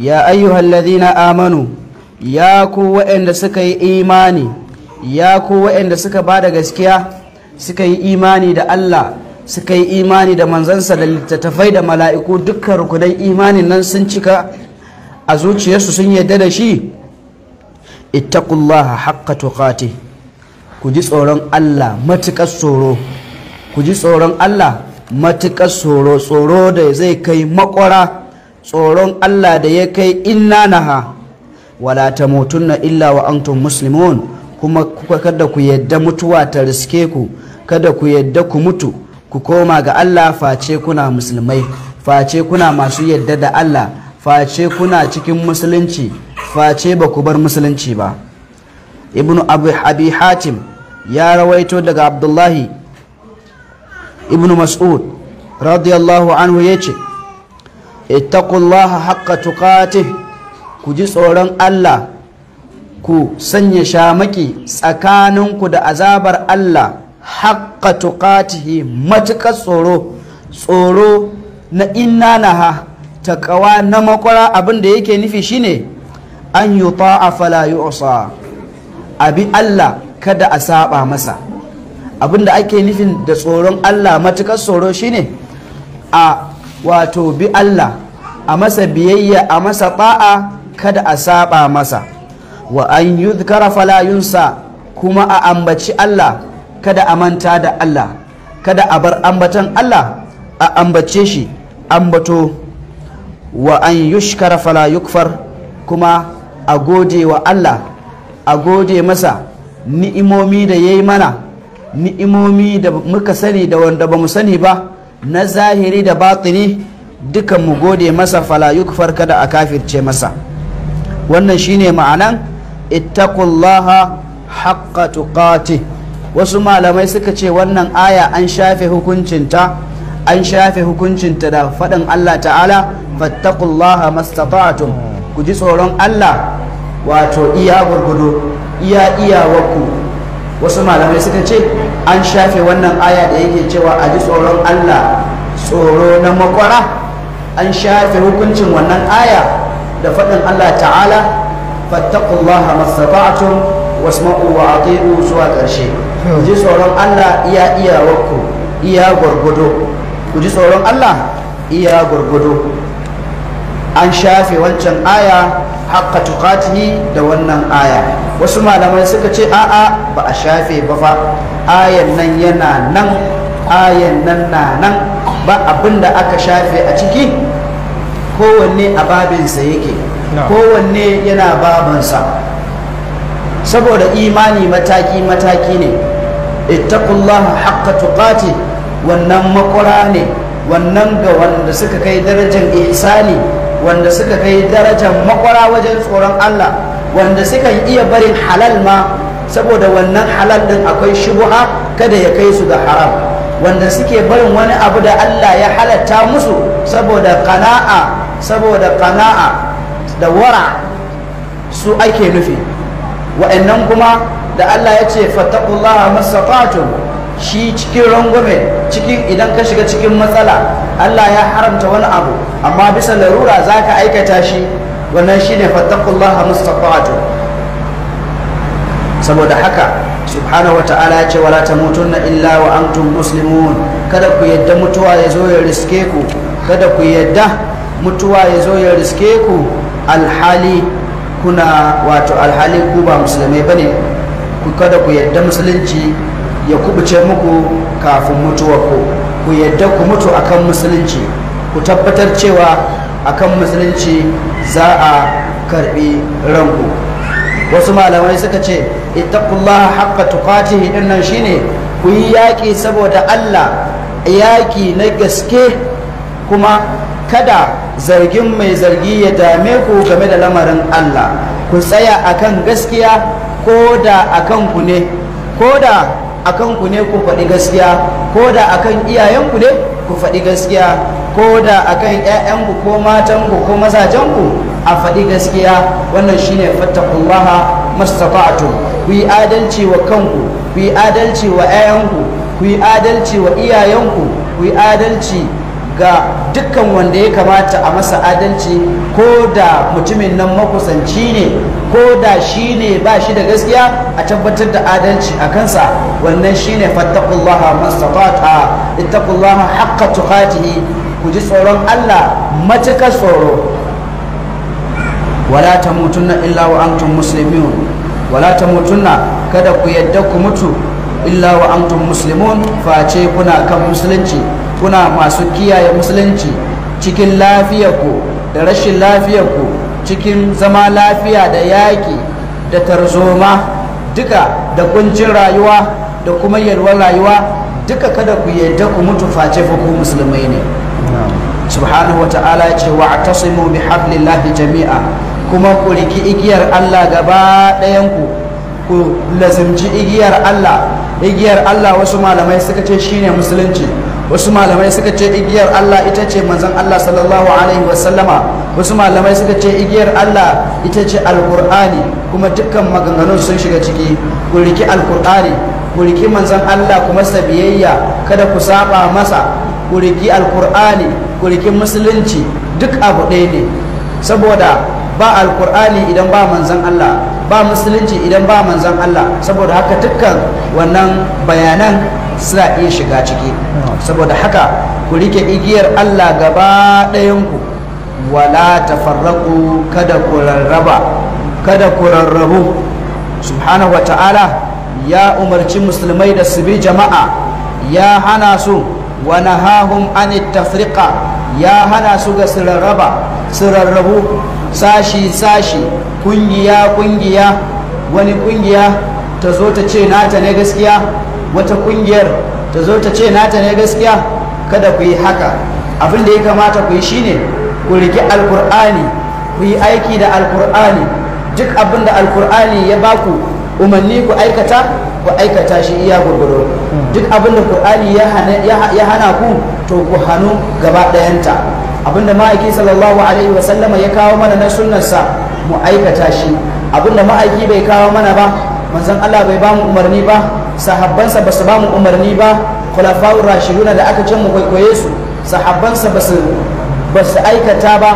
يا أيها الذين آمنوا ya ku waɗanda suka yi imani ya ku waɗanda suka ba da gaskiya suka yi imani da Allah suka yi imani da manzansa da littattafai da mala'iku dukkan rukunan imanin nan sun cika a zuciyarsu sun yarda da shi ittaqullaha haqqa tuqati ku ji tsoron Allah matuƙar tsoro ku ji tsoron Allah matuƙar tsoro tsoro da zai kai makwara tsoron Allah da ya kai inna naha wala ta mutunna illa wa antum muslimun kuma kada ku yadda mutuwa ta riske ku kada ku yadda ku mutu ku koma ga Allah face kuna musulmai face kuna masu yadda da Allah face kuna cikin musulunci face ba ku bar musulunci ba ibnu habi hatim ya rawaito daga abdullahi ibnu mas'ud radiyallahu anhu ya ce ittaqullaha haqqa tuqatih ku ji tsoron Allah ku sanya shamaki tsakaninku da azabar Allah haƙƙa tuƙatihi matuƙar tsoro tsoro na inna na ha taƙawa na makwara abinda yake nufi shine an yi ta'a fala yu'sa abi Allah kada a saba masa abin ake nufin da tsoron Allah matuƙar tsoro shine a wato bi Allah a masa biyayya a masa ba'a kada a saba masa wa an yi fala yunsa kuma a ambaci Allah kada a manta da Allah kada a bar ambatan Allah a ambace shi ambato wa an yushkara fala yukfar kuma a gode wa Allah a gode masa ni'imomi da yayi mana ni'imomi da muka sani da wanda ba sani ba na zahiri da batini dukan mu gode masa fala yukfar kada a kafirce masa wannan shine ma'anan ittaqullaha haqqa tuqati wasu malamai suka ce wannan aya an shafe hukuncinta an shafe hukuncinta da faɗin Allah ta'ala fattaqullaha mastata'tum ku ji tsoron Allah wato iya gurgudu iya iyawarku wasu malamai suka ce an shafe wannan aya da yake cewa a ji tsoron Allah tsoro na makwara an shafe hukuncin wannan aya da faɗin Allah ta'ala fattaqullaha mastata'tum wasma'u wa ati'u zuwa ƙarshe ku ji tsoron Allah iya iyawarku iya gwargwado ku ji tsoron Allah iya gwargwado an shafe wancan aya haƙƙa tuqatihi da wannan aya wasu malamai suka ce a'a ba a shafe ba fa ayan nan yana nan ayan nan na nan ba abin da aka shafe a ciki kowanne a babinsa yake kowanne yana babansa saboda imani mataki-mataki ne ittaqullaha haqqa tuqati wannan makwara ne wannan ga wanda suka kai darajar ihsani wanda suka kai darajar makwara wajen tsoron Allah wanda suka iya barin halal ma saboda wannan halal din akwai shubuha kada ya kai su ga haram wanda suke barin wani abu da Allah ya halatta musu saboda kana'a saboda kana'a da wara su ake nufi wa'annan kuma da Allah ya ce fattakullaha masakatun shi cikin rangwame cikin idan ka shiga cikin matsala Allah ya haramta wani abu amma bisa larura za ka aikata shi wannan shi ne fattakullaha masakatun saboda haka subhanahu wata'ala ya ce wala ta na illa wa antum muslimun kada ku yadda mutuwa ya zo ya riske ku kada ku yadda mutuwa ya zo ya riske ku alhali kuna wato alhali ku ba musulmai bane ku kada ku yadda musulunci ya kubuce muku kafin mutuwa ku ku yadda ku mutu akan musulunci ku tabbatar cewa akan musulunci za a karbi ranku wasu malamai suka ce ittaqullaha haqqa tuqatihi nan shine ku yi yaƙi saboda Allah yaƙi na gaske kuma kada zargin mai zargi ya dame ku game da lamarin Allah ku tsaya akan gaskiya ko da akan ku ne ko da akan ku ne ku faɗi gaskiya ko da akan iyayen ku ne ku faɗi gaskiya ko da akan ƴaƴan ku ko matanku ko mazajen ku a faɗi gaskiya wannan shine fattakullaha mastata'tu ku yi adalci wa kanku ku yi adalci wa ƴaƴan ku ku yi adalci wa iyayen ku ku yi adalci ga dukkan wanda ya kamata a masa adalci ko da mutumin nan makusanci ne ko da shi ne ba shi da gaskiya a tabbatar da adalci a kansa wannan shi ne fattakullaha mastafata ittakullaha haqqa tuqatihi ku ji tsoron Allah matuƙar tsoro wala tamutunna illa wa antum muslimun wala tamutunna kada ku yadda ku mutu illa wa antum muslimun face kuna kan musulunci kuna masu kiyaye musulunci cikin lafiyarku da rashin lafiyarku cikin zama lafiya da yaƙi da tarzoma duka da kuncin rayuwa da kuma yalwar rayuwa duka kada ku yadda ku mutu face ku musulmai ne subhanahu wa ta'ala ya ce wa atasimu bi hablillahi jami'a kuma ku riki igiyar Allah gaba ɗayan ku ku lazimci igiyar Allah igiyar Allah wasu malamai suka ce shine musulunci wasu malamai suka ce igiyar Allah ita ce manzon Allah sallallahu alaihi wasallama wasu malamai suka ce igiyar Allah ita ce alkur'ani kuma dukkan maganganun sun shiga ciki ku riki alkur'ani ku riki manzon Allah kuma sabiyayya kada ku saba masa ku riki alkur'ani ku riki musulunci duk abu ɗaya ne saboda ba alkur'ani idan ba manzan Allah ba musulunci idan ba manzan Allah saboda haka dukkan wannan bayanan suna iya shiga ciki saboda haka ku rike igiyar Allah gaba ɗayanku wala tafarraku kada ku rarraba kada ku rarrabu subhanahu wata'ala ya umarci musulmai da su bi jama'a ya hana su wa nahahum anit tafriqa ya hana su ga su rarraba su rarrabu sashi sashi kungiya kungiya wani kungiya ta zo ta ce nata ne gaskiya wata kungiyar ta zo ta ce nata ne gaskiya kada ku yi haka abin da ya kamata ku yi shi ne ku riki alkur'ani ku yi aiki da alkur'ani duk abin da alkur'ani ya baku umarni ku aikata ku aikata shi iya gurguru duk abin da qur'ani ya hana ku to ku hannu gaba ɗayanta abinda ma'aiki sallallahu alaihi wasallama ya kawo mana na sunnarsa mu aikata shi abinda ma'aiki bai kawo mana ba manzon Allah bai bamu umarni ba sahabbansa ba su bamu umarni ba khulafa'ur rashiduna da aka ce mu kwaikwaye su sahabbansa ba su aikata ba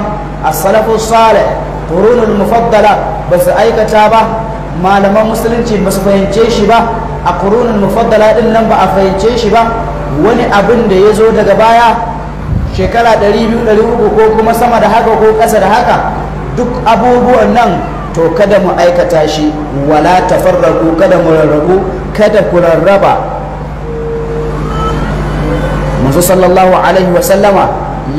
as-salafu salih qurunul mufaddala ba su aikata ba malaman musulunci ba su fahimce shi ba a qurunul mufaddala din nan ba a fahimce shi ba wani abin da ya zo daga baya shekara 200 ko kuma sama da haka ko ƙasa da haka duk abubuwan nan to kada mu aikata shi wala tafarraku kada mu rarrabu kada ku rarraba Musu sallallahu alaihi wa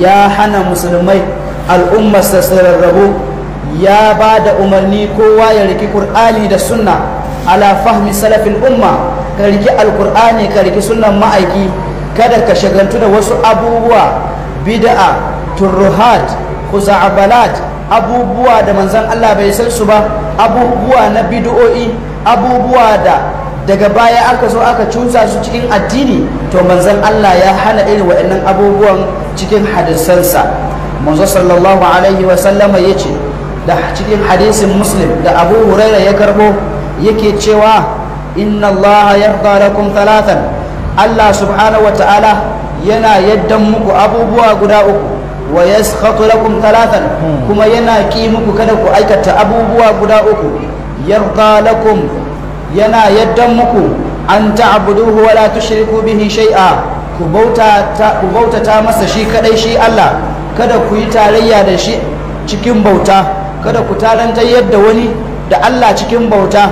ya hana musulmai al'ummar su rarrabu ya ba da umarni kowa ya riki ƙur'ani da sunna ala fahmi salafin umma ka riki alqur'ani ka riki sunnan ma'aiki kada ka shagantu da wasu abubuwa bid'a turuhat khuza'abalat abubuwa da manzan Allah bai san su ba abubuwa na bid'o'i abubuwa da daga baya aka zo aka cusa su cikin addini to manzan Allah ya hana irin waɗannan abubuwan cikin hadisansa manzo sallallahu alaihi wa sallama yace da cikin hadisin muslim da abu huraira ya karbo yake cewa inna allaha yarda lakum talatan allah subhanahu wa ta'ala yana yaddan muku abubuwa guda uku wa yaskhatu lakum talatan kuma yana ki muku kada ku aikata abubuwa guda uku yarda lakum yana yaddan muku an ta'buduhu wa la tushriku bihi shay'a ku bauta ta masa shi kadai shi Allah kada ku yi tarayya da shi cikin bauta kada ku taranta yadda wani da Allah cikin bauta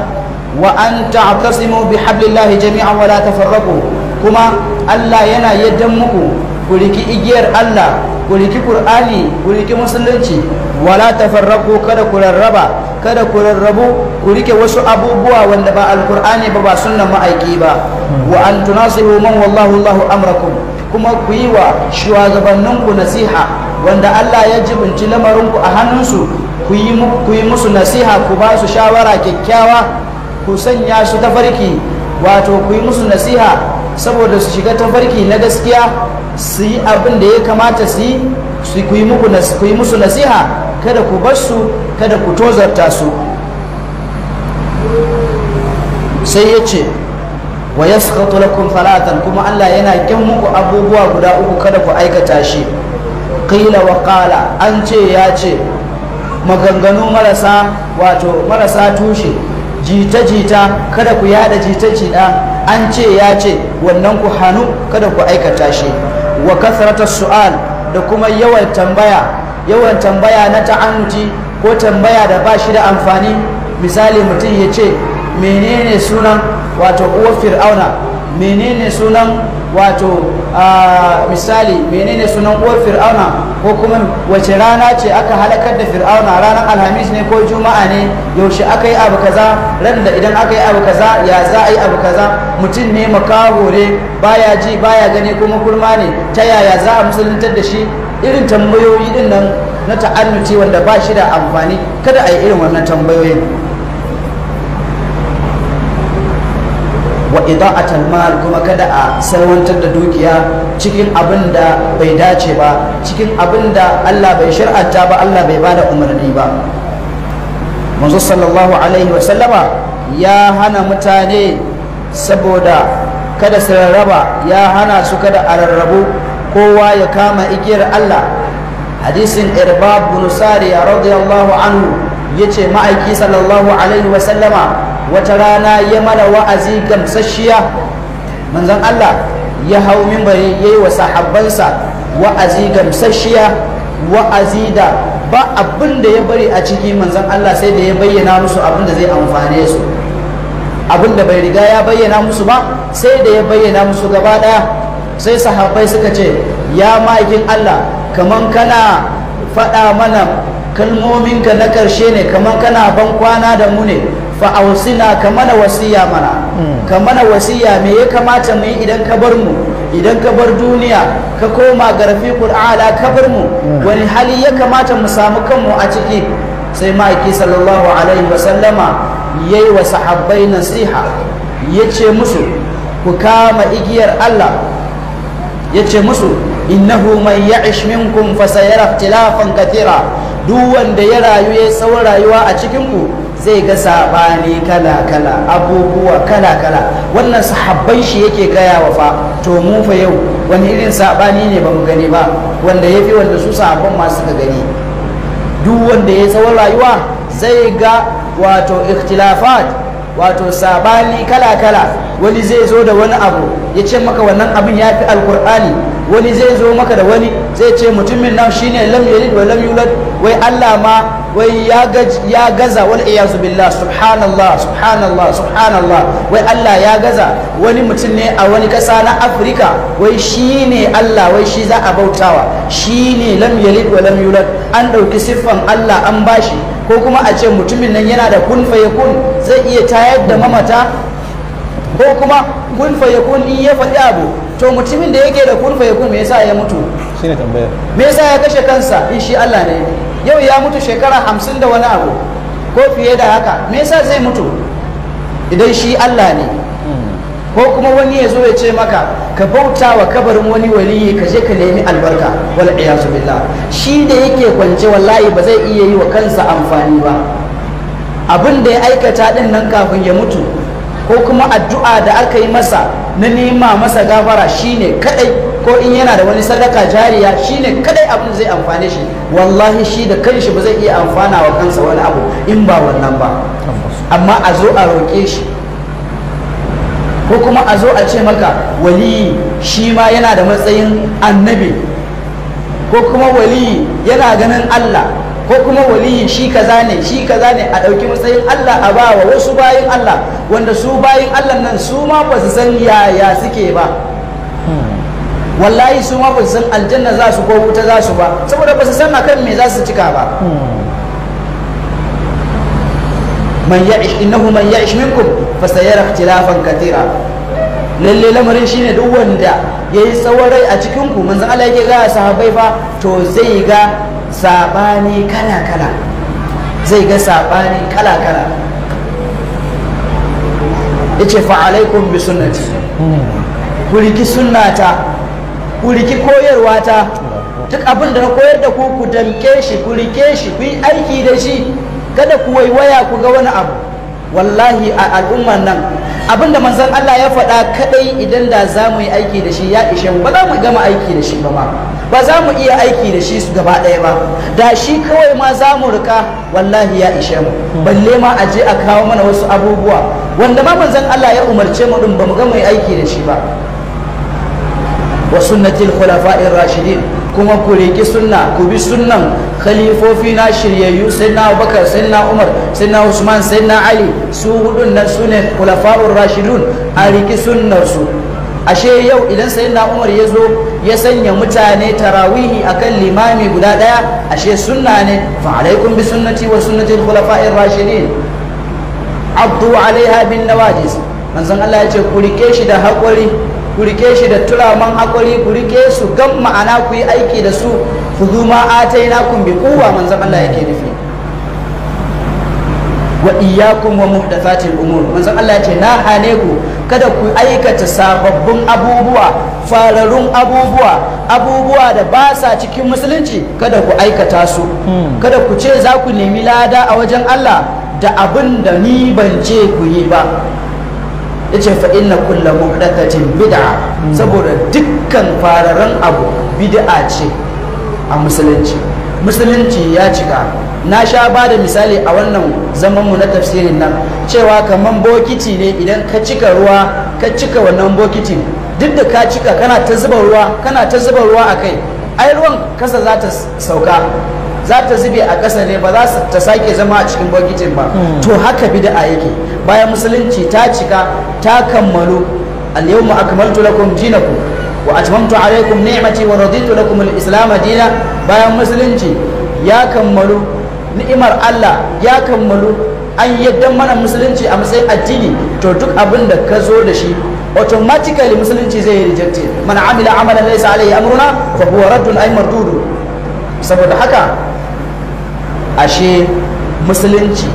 wa an ta'tasimu bihablillahi jami'an wala la tafarraqu kuma Allah yana yaddan muku ku riki igiyar Allah ku riki Qur'ani ku riki musulunci wala tafarraqu kada ku rarraba kada ku rarrabu ku rike wasu abubuwa wanda ba alqur'ani ba ba sunnan ma'aiki ba wa an man wallahu Allahu amrakum kuma ku yi wa shugabanninku nasiha wanda Allah ya jibinci lamarinku a hannunsu ku yi musu nasiha ku ba su shawara kyakkyawa ku sanya su tafarki wato ku yi musu nasiha saboda su shiga tafarki na gaskiya su yi abin da ya kamata su yi su yi musu nasiha kada ku bar su kada ku tozarta su sai ya ce wa ya lakum falatan kuma Allah yana kyan muku abubuwa guda uku kada ku aikata shi qila wa qala an ce ya ce maganganu marasa wato marasa tushe jita-jita kada ku yada jita-jita an ce ya ce wannan ku hannu kada ku aikata shi wa kasratar su'al da kuma yawan tambaya yawan tambaya na ta'annuti ko tambaya da ba shi da amfani misali mutum ya ce menene sunan wato uwar fir'auna menene sunan wato misali menene sunan uwar fir'auna ko kuma wace rana ce aka halakar da fir'auna ranar alhamis ne ko juma'a ne yaushe aka yi abu kaza ran da idan aka yi abu kaza ya za a yi abu kaza mutum ne makaho ne baya ji baya gani kuma kurma ne ta yaya za a musuluntar da shi irin tambayoyi din nan na ta'annuci wanda ba shi da amfani kada a yi irin wannan tambayoyin wa ida'atul mal kuma kada a sarwantar da dukiya cikin abin da bai dace ba cikin abin da Allah bai shar'anta ba Allah bai bada umarni ba manzo sallallahu alaihi wa sallama ya hana mutane saboda kada su rarraba ya hana su kada a rarrabu kowa ya kama igiyar Allah hadisin irbab bin sariya radiyallahu anhu yace ma'aiki sallallahu alaihi wa sallama wata rana ya mara wa'azi gamsasshiya manzon Allah ya hau mimbari ya yi wa sahabbansa wa'azi gamsasshiya wa'azi da ba abin da ya bari a ciki manzon Allah sai da ya bayyana musu abin da zai amfane su abin da bai riga ya bayyana musu ba sai da ya bayyana musu gaba daya sai sahabbai suka ce ya ma'aikin Allah kaman kana faɗa mana kalmominka na ƙarshe ne kaman kana ban kwana da mu ne fa ausina ka mana wasiya mana hmm. ka mana wasiya me ya kamata mu yi idan ka bar mu idan ka bar duniya ka koma ga rafiqul a'la ka bar mu hmm. wani hali ya kamata mu samu kanmu a ciki sai ma'aiki sallallahu alaihi wasallama ya yi wa sahabbai nasiha ya ce musu ku kama igiyar Allah ya ce musu innahu man ya'ish minkum fa sayara ikhtilafan kathira duk wanda ya rayu ya tsawon rayuwa a cikin ku zai ga sabani kala-kala abubuwa kala-kala wannan sahabban shi yake gaya wa fa to mu fa yau wani irin sabani ne ba mu gani ba wanda ya fi wanda su sahabban masu suka gani duk wanda ya tsawon rayuwa zai ga wato ikhtilafat wato sabani kala-kala wani zai zo da wani abu ya ce maka wannan abin ya fi alkur'ani wani zai zo maka da wani zai ce mutumin nan shine lam yalid wa lam yulad wai Allah ma wai ya gaza wal iyazu billah subhanallah subhanallah subhanallah wai Allah ya gaza wani mutum ne a wani kasa na Afirka wai shine Allah wai shi za a bautawa shine lam yalid wa lam yulad an dauki siffan Allah an bashi ko kuma a ce mutumin nan yana da kun fayakun zai iya tayar da mamata ko kuma kun fayakun in ya faɗi abu to mutumin da yake da kurfa yakun me yasa ya mutu shine tambayar me yasa ya kashe kansa in shi Allah ne yau ya mutu shekara hamsin da wani abu ko fiye da haka me yasa zai mutu idan shi Allah ne ko kuma wani ya zo ya ce maka ka bauta wa kabarin wani waliyi ka je ka nemi albarka wal iyazu billah shi da yake kwance wallahi ba zai iya yi wa kansa amfani ba abin da ya aikata din nan kafin ya mutu ko kuma addu'a da aka yi masa na nema masa gafara shine kadai ko in yana da wani sadaka jariya shine kadai abin zai amfane shi wallahi shi da kanshi ba zai iya amfana wa kansa wani abu in ba wannan ba amma a zo a roƙe shi ko kuma a zo a ce maka wali shi ma yana da matsayin annabi ko kuma wali yana ganin Allah ko kuma waliyi shi kaza ne shi kaza ne a ɗauki matsayin Allah a bawa wasu bayin Allah wanda su bayin Allah nan su ma ba su san yaya suke ba wallahi su ma ba su san aljanna za su ko wuta za su ba saboda ba su san akan me za su cika ba man ya'ish innahu man ya'ish minkum fa sayara ikhtilafan katira lalle lamarin shine duk wanda yayi tsawarai a cikin ku manzon Allah yake ga sahabbai fa to zai ga saɓani kala-kala zai ga saɓani kala-kala ya ce fa'alaikun bi sunnati ku sunnata ku koyarwata duk abin da na koyar da ku ku damke shi ku rike shi ku aiki da shi kada ku waiwaya ku ga wani abu wallahi a al'ummar nan Abin da manzon Allah ya faɗa kaɗai idan da za mu yi aiki da shi ya ishe mu ba za mu gama aiki da shi ba ma ba za mu iya aiki da shi su gaba ɗaya ba da shi kawai ma za mu rika wallahi ya ishe mu balle ma a je a kawo mana wasu abubuwa wanda ma manzon Allah ya umarce mu din ba mu gama aiki da shi ba wa sunnatil khulafa'ir rashidin kuma ku riƙi sunna ku bi sunnan khalifofi na shiryayyu sai na abubakar sai na umar sai na usman sai na ali su hudun na su ne kulafa'ur rashidun a riƙi sunnarsu ashe yau idan sai na umar ya zo ya sanya mutane tarawihi akan limami guda ɗaya ashe sunna ne fa alaikum bi sunnati wa sunnati khulafa'ir rashidin abdu alaiha bin nawajis manzon Allah ya ce ku riƙe shi da haƙuri ku rike shi da turaman haƙuri ku rike su gan ma'ana ku yi aiki da su ku ta atai na kun bi kowa zaman Allah yake nufi wa iyyakum wa muhdathatil umur zaman Allah ce na hane ku kada ku aikata sababbin abubuwa fararun abubuwa abubuwa da ba sa cikin musulunci kada ku aikata su hmm. kada ku ce za ku nemi lada a wajen Allah da abin da ni ban ce ku yi ba ya ce fa inna kulla muhdathatin bid'a saboda dukkan fararen abu bid'a ce a musulunci musulunci ya cika na sha ba da misali a wannan zamanmu na tafsirin nan cewa kamar bokiti ne idan ka cika ruwa ka cika wannan bokitin duk da ka cika kana ta zuba ruwa kana ta zuba ruwa a kai ai ruwan kasa za ta sauka za ta zube a ƙasa ne ba za ta sake zama a cikin bokitin ba hmm. to haka bi da a yake bayan musulunci ta cika ta kammalu al-yawma akmaltu lakum dinakum wa atmamtu alaykum ni'mati wa raditu lakum al-islam dina bayan musulunci ya kammalu ni'imar Allah ya kammalu an yadda mana musulunci a matsayin addini to duk abin da ka zo da shi automatically musulunci zai yi rejected man amila amalan laysa alayhi amruna fa huwa raddun ay mardudu saboda haka ashe musulunci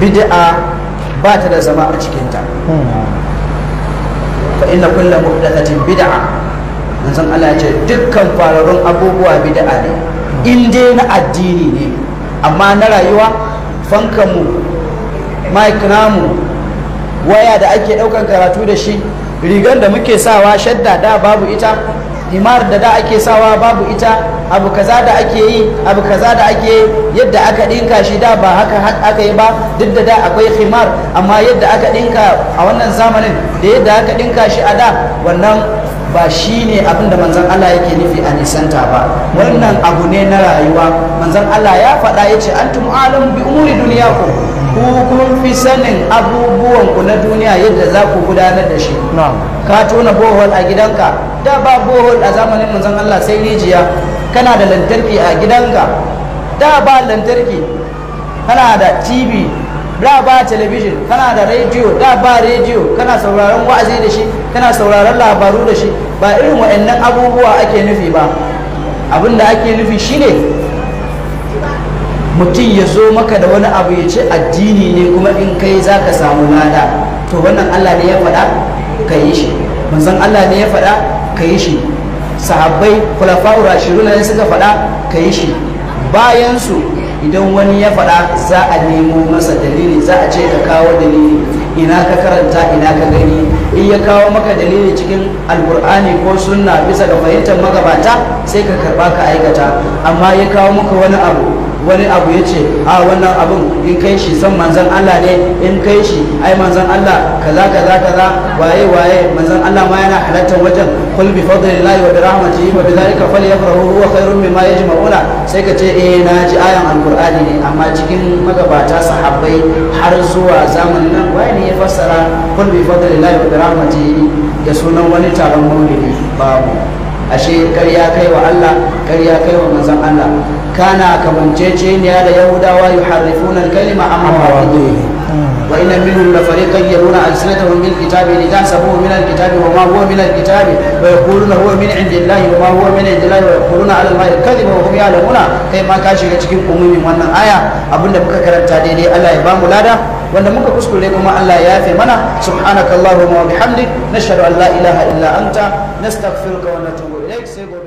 bid'a ba ta da zama a cikinta fa inna kulla muhdathatin bid'a Allah ya ce dukkan fararun abubuwa bid'a ne in dai na addini ne amma na rayuwa mu mike namu waya da ake daukan karatu da shi rigar da muke sawa shadda da babu ita himar da da ake sawa babu ita abu kaza da ake yi abu kaza da ake yadda aka dinka shi da ba haka aka yi ba duk da da akwai himar amma yadda aka dinka a wannan zamanin da yadda aka dinka shi a da wannan ba shi ne abin da manzan Allah yake nufi a nisanta ba wannan abu ne na rayuwa manzan Allah ya faɗa ya ce antum alam bi umuri ko. ku kun fi sanin abubuwan ku na duniya yadda za ku gudanar da shi ka tona bohol a gidanka da ba bohol a zamanin manzon Allah sai rijiya kana da lantarki a gidanka da ba lantarki kana da tv da ba television kana da rediyo da ba rediyo kana sauraron wa'azi da shi kana sauraron labaru da shi ba irin wa'annan abubuwa ake nufi ba abin da ake nufi shine mutum ya zo maka da wani abu ya ce addini ne kuma in kai za ka samu nada, to wannan allah ne ya faɗa ka yi shi manzon allah ne ya faɗa ka yi shi sahabbai kulafa rashidu ne suka faɗa ka yi shi bayan idan wani ya faɗa za a nemo masa dalili za a ce ka kawo dalili ina ka karanta ina ka gani in ya kawo maka dalili cikin alkur'ani ko sunna bisa ga fahimtar magabata sai ka karba ka aikata amma ya kawo maka wani abu wani abu ya ce a wannan abin in kai shi san manzan Allah ne in kai shi ai manzan Allah kaza kaza kaza waye waye manzan Allah ma yana halartar wajen kul bi fadlillahi wa bi rahmatihi wa bi dhalika falyafrahu huwa khairun mimma yajma'una sai ka ce eh na ji ayan alqur'ani ne amma cikin magabata sahabbai har zuwa zamanin nan waye ne ya fassara kul bi fadlillahi wa bi rahmatihi da sunan wani taron maulidi babu ashe karya kai wa Allah karya kai wa manzon Allah kana kamanceceniya da yahudawa yuharrifuna al-kalima amma mawadihi wa inna minhum la fariqan yaluna alsinatahum bil kitabi litahsabuhu min al kitabi wa ma huwa min al kitabi wa yaquluna huwa min indillahi wa ma huwa min indillahi wa yaquluna ala allahi kadhiba wa hum ya'lamuna kai ma ka shiga cikin umumin wannan aya abinda muka karanta daidai Allah ya bamu lada wanda muka kuskure kuma Allah ya yafe mana subhanakallahumma wa bihamdik nashhadu an la ilaha illa anta nastaghfiruka wa natubu Alexei